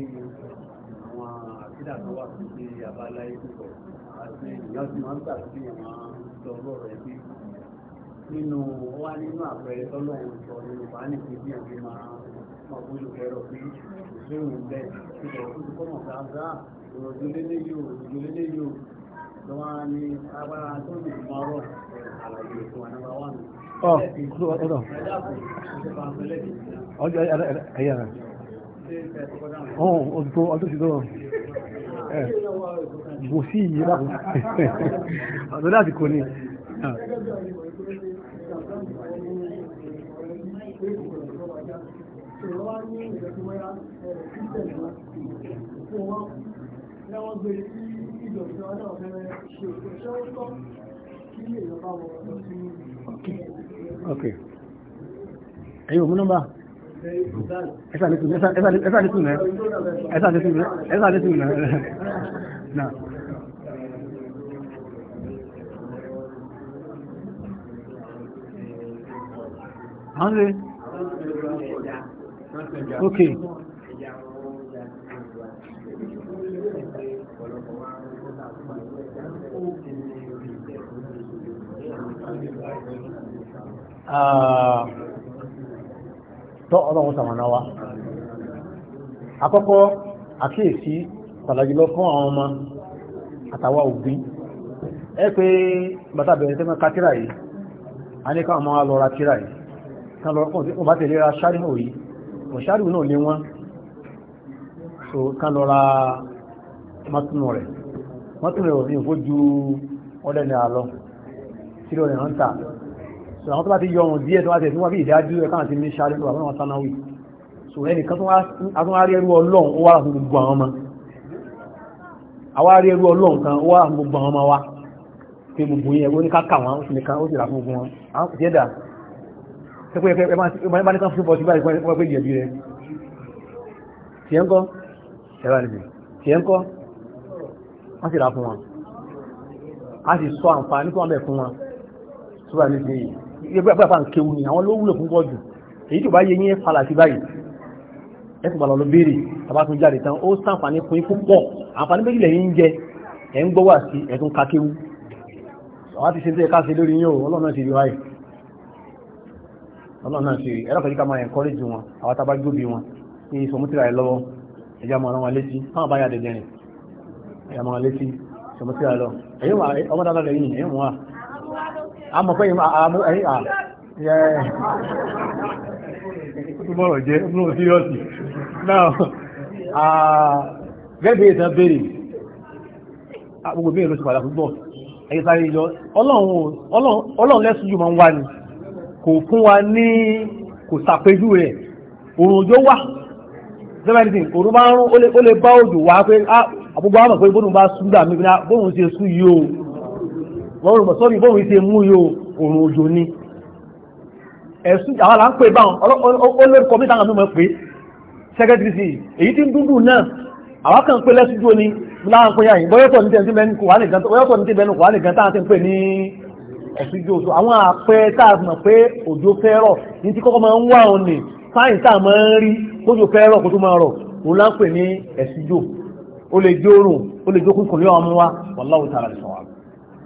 àwọn àkídà tó wà sí pé abala ìdúkọ̀ àti ìyàn tí wọ́n gbà sí àwọn lọ́rọ̀ rẹ̀ bí nínú wá nínú àpẹẹrẹ tọ́lọ́run sọ nínú bá ní pé bí ẹ̀gbẹ́ máa mọ̀ pé olùkẹ́rọ̀ pé ìṣòro ń bẹ́ẹ̀ ṣùgbọ́n ó ti kọ́ mọ̀ ká gbá òròdúlélé yóò òròdúlélé yóò lọ́wọ́ sí iye lápò. ọdún láti kò ní. Ìjọba ní ìjọba ẹ̀rọ ok ẹ̀yin òmú nọ́mbà ẹ̀sà lẹ́tùn náà ẹ̀sà lẹ́tùn náà ẹ̀sà lẹ́tùn náà Hande? Okay. Uh, tọ́ ọlọ́run sàmànà wa àkọ́kọ́ àkíyèsí pàtàkìlọ fún àwọn ọmọ àtàwà òbí ẹ pé tẹ́mọ́ kátírà yìí a ní káwọn máa lọ ra tírà yìí kan lọ kọ́ ọba tẹ̀lé ra ṣáríhù ra mọ́túnù so àwọn tó bá ti yọ ọ̀rùn díẹ̀ tó wá tẹ̀sí wọn bí ìdájú ẹ̀ká àti ní ṣáájú àwọn àwọn sanáwì so ẹnìkan tó wá rí ẹrú ọlọ́run ó wá àwọn gbogbo àwọn ọmọ àwa rí ẹrú ọlọ́run kan ó wá àwọn gbogbo àwọn ọmọ wa pé gbogbo yẹn ó ní ká kà wọn ó sì ní kan ó sì rà fún gbogbo wọn àwọn kò tiẹ̀ dà sẹ́kọ̀ yẹ pé ẹ máa ní kan fún bọ́ọ̀sì báyìí wọ́n pé ìyẹ̀bí rẹ̀ tiẹ̀ ń kọ́ ẹ̀ bá nìyẹn tiẹ̀ ń kọ́ wọ́n sì rà fún wọn a sì sọ àǹfààní tó wọn bẹ̀ fún wọn tó bá ní sí yìí gbàgbà ń kéwù ni àwọn ló wúlò fún pọ̀jù èyí tó bá yẹ yín falà sí báyìí ẹ sì balọ̀ lọ béèrè tàbá tún jáde tán ó sàǹfààní fún yín púpọ̀ àǹfààní méjì lẹ́yìn ń jẹ ẹ̀ ń gbọ́wà sí ẹ̀ tún ka kéwù àwọn ti ṣe ń tẹ́ ká ṣe lórí yín o ọlọ́run náà ti rí wáyé ọlọ́run náà ṣe ẹ̀rọ pẹ̀lú ká máa encourage wọn àwọn tábà gbóbi wọn ní sọmútìrà ẹ̀ lọ́wọ́ ẹ̀yà máa rán wọn létí káwọn bá yà dẹ̀dẹ̀ rìn ẹ̀yà máa létí sọmútìrà ẹ̀ lọ ẹ̀yìn ọmọdé àmọ́ pé àmú ẹ̀yìn à túnmọ̀rọ̀ jẹ́ ní òsíríọ́sì náà gẹ́gẹ́ ìtàn bèèrè gbogbo bèèrè ló ti padà fúgbọ́ ẹ̀yẹ sáré lọ ọlọ́run lẹ́sùn jù máa ń wá ni kò fún wa ní kò sàpéjú rẹ̀ òrùn òjò wà seventeen òrùn bá ń rún ó lè bá òjò wá pé àgbogbo ah, àmọ̀ pé bóun bá sùn dà mí bóun ṣe sùn yìí o wọ́n rò sọ́rí bóun ṣe mú yóò òrùn òjò ni ẹ̀sùn àwọn là ń pè báwọn olórí kọ́mí táwọn mímọ́ pé secretary sí èyí tí ń dúdú náà àwọn kan pé lẹ́sùn jó ni láwọn pé yàyìn bọ́yọ́tọ̀ ní tẹ̀sí mẹ́nu kò wà nìkan bọ́yọ́tọ̀ ní tẹ̀sí mẹ́nu kò wà nìkan táwọn ti ń pè ní ẹ̀sùn jó so àwọn àpẹ táàmù pé òjò fẹ́ rọ̀ ní tí kọ́kọ́ máa ń wà òun ni sáyìn táà máa ń rí kójò fẹ́ rọ̀ kó tó máa rọ̀ òun lá ń pè ní ẹ̀sùn jó ó lè jó oorun ó lè jó kúkùn ní ọmọ wa wàláwù tààrà lè sọ wa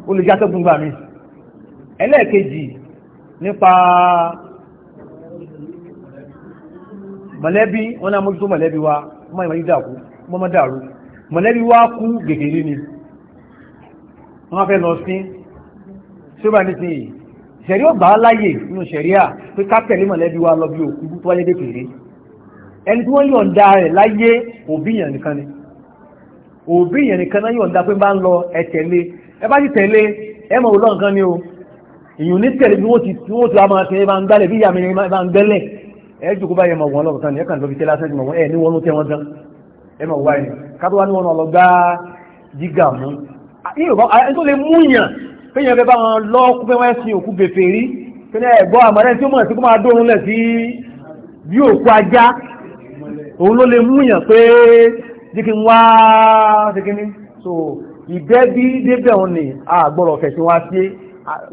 ó lè jásẹ́gun gbà mí ẹlẹ́ẹ̀kejì nípa mọ̀lẹ́bí wọn náà mójútó mọ̀lẹ́bí wa mọ́ ìmọ̀ dídàkú mọ́mọ́ dàrú mọ̀lẹ́bí wa kú gègèrè ni wọ́n fẹ́ lọ sí tí ó bá ní sìn yìí ṣẹ̀rí ọ̀gbà aláyè nínú ṣẹ̀rí à pé ká tẹ̀lé mọ̀lẹ́bí wa lọ bí òkú tó wáyé dé kéré ẹni tí wọ́n yọ̀ǹda rẹ̀ láyé òbí yẹn nìkan ni òbí yẹn nìkan náà yọ̀ǹda pé bá ń lọ ẹ̀tẹ̀lé ẹ bá ti tẹ̀lé ẹ mọ̀ òun lọ́nkan ni o èyàn ní tẹ̀lé bí wọ́n ti tí wọ́n ti wá máa tẹ̀lé bá ń gbálẹ̀ bí ìyá mi bá ń gbẹ́lẹ̀ ẹ jòkó báyìí mọ̀ wọn lọ́kàn ni ẹ kàn lọ́bi tẹ́lá sẹ́jú mọ̀ wọn ẹ ní wọn ló tẹ́ wọn gan ẹ mọ̀ wáyé kátó wá ní wọn lọ gbá jígà mú ẹ tó lè mú yàn kéèyàn fẹ́ bá wọn lọ kú fẹ́ wọ́n sin òkú bèfè rí kéèyàn ẹ̀gbọ́n àmọ́rẹ́ tí ó mọ̀ sí kó máa dóorun lẹ̀ sí bí òkú ajá òun ló lè mú ìbẹ́ bí débẹ̀ òun ni àgbọ̀rọ̀ fẹ̀sìn wá sí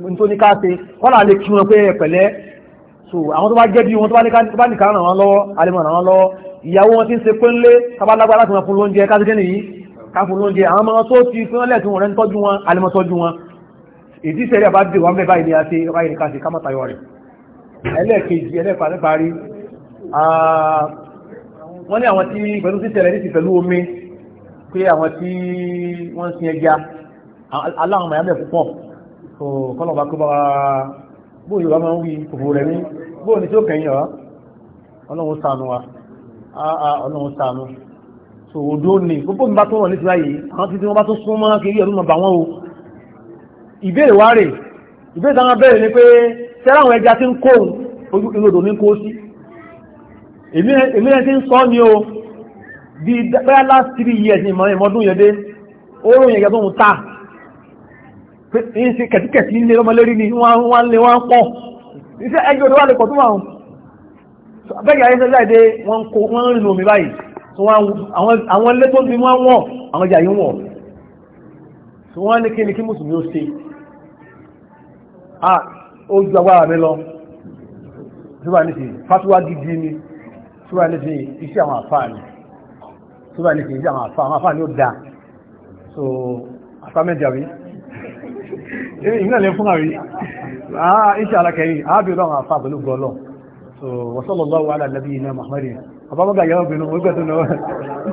nítorí ká ṣe kọ́là lè kí wọn pé pẹ̀lẹ́ so àwọn tó bá jẹ́ bí wọn tó bá nìkan ràn wọ́n lọ́wọ́ alẹ́mọ̀ ràn wọ́n lọ́wọ́ ìyàwó wọn ti ń ṣe pé ńlé kábálágbá láti wọn fún lóúnjẹ káṣíkẹ́ nìyí káfún lóúnjẹ àwọn ọmọ tó ti fún ọ́lẹ̀ tí wọ́n rẹ̀ ń tọ́jú wọn alẹ́mọ̀ tọ́jú wọn ìdí ìṣẹ̀lẹ̀ bá dé wọn bẹ́ẹ̀ báyìí ni a ṣe báyìí ni ká ṣe ká má tayọ rẹ̀ ẹlẹ́ẹ̀kejì ẹlẹ́ẹ̀parí wọ́n àwọn tí pẹ̀lú sísẹ̀lẹ̀ ní ti pẹ̀lú omi pé àwọn tí wọ́n sin ẹja aláwọn mayamẹ́ púpọ̀ so kọ́lọ̀bá kó bá bóò yóò bá máa ń wí òfò rẹ̀ ní bóò ní tí ó kẹ̀yìn ọ̀ ọlọ́run ṣàánú wa ọlọ́run ṣàánú so odó ni gbogbo mi bá tó wọ̀ nítorí ayé àwọn títí wọ́n bá tó sún mọ́ kiri ọdún mọ̀ bà wọ́n o ìbéèrè wá rè ìbéèrè táwọn bẹ̀rẹ̀ ni pé sẹ́rà àwọn ẹja ti ń kóhun ojú inú odò ní kó sí èmi ẹ ti ń sọ ni o bí bẹ́ẹ̀ last three years ni ìmọ̀ọ́dún yẹn dé oorun yẹn gẹ́gẹ́ tó ń ta ṣe kẹ̀tíkẹ̀tí ń lé ọmọlérí ni wọ́n ń lé wọ́n ń pọ̀ iṣẹ́ ẹjọ́ tó wà lè pọ̀ tó wà hùn bẹ́ẹ̀ yà ẹsẹ̀ jáde wọ́n kó wọ́n ń rìn omi báyìí àwọn ilé tó ń bí wọ́n wọ̀ àwọn ìjà yìí wọ̀ tí wọ́n ní kí ni kí mùsùlùmí ó ṣe à ó ju agbára mi lọ síwájú ní sí fatuwa gidi ni síwájú ní sí iṣẹ́ àwọn àfáà ni tó bá ní kì í sí àwọn àfa àwọn àfa ni ó da so àfa mẹ́jọ rí ìgbà lè fún àrí àá iṣẹ́ alákẹ́yìn àábìrò àwọn àfa pẹ̀lú gọlọ so wasallallahu ala nabiyina muhammadin àbábọ́gà yàwó bínú ó gbẹ̀dùn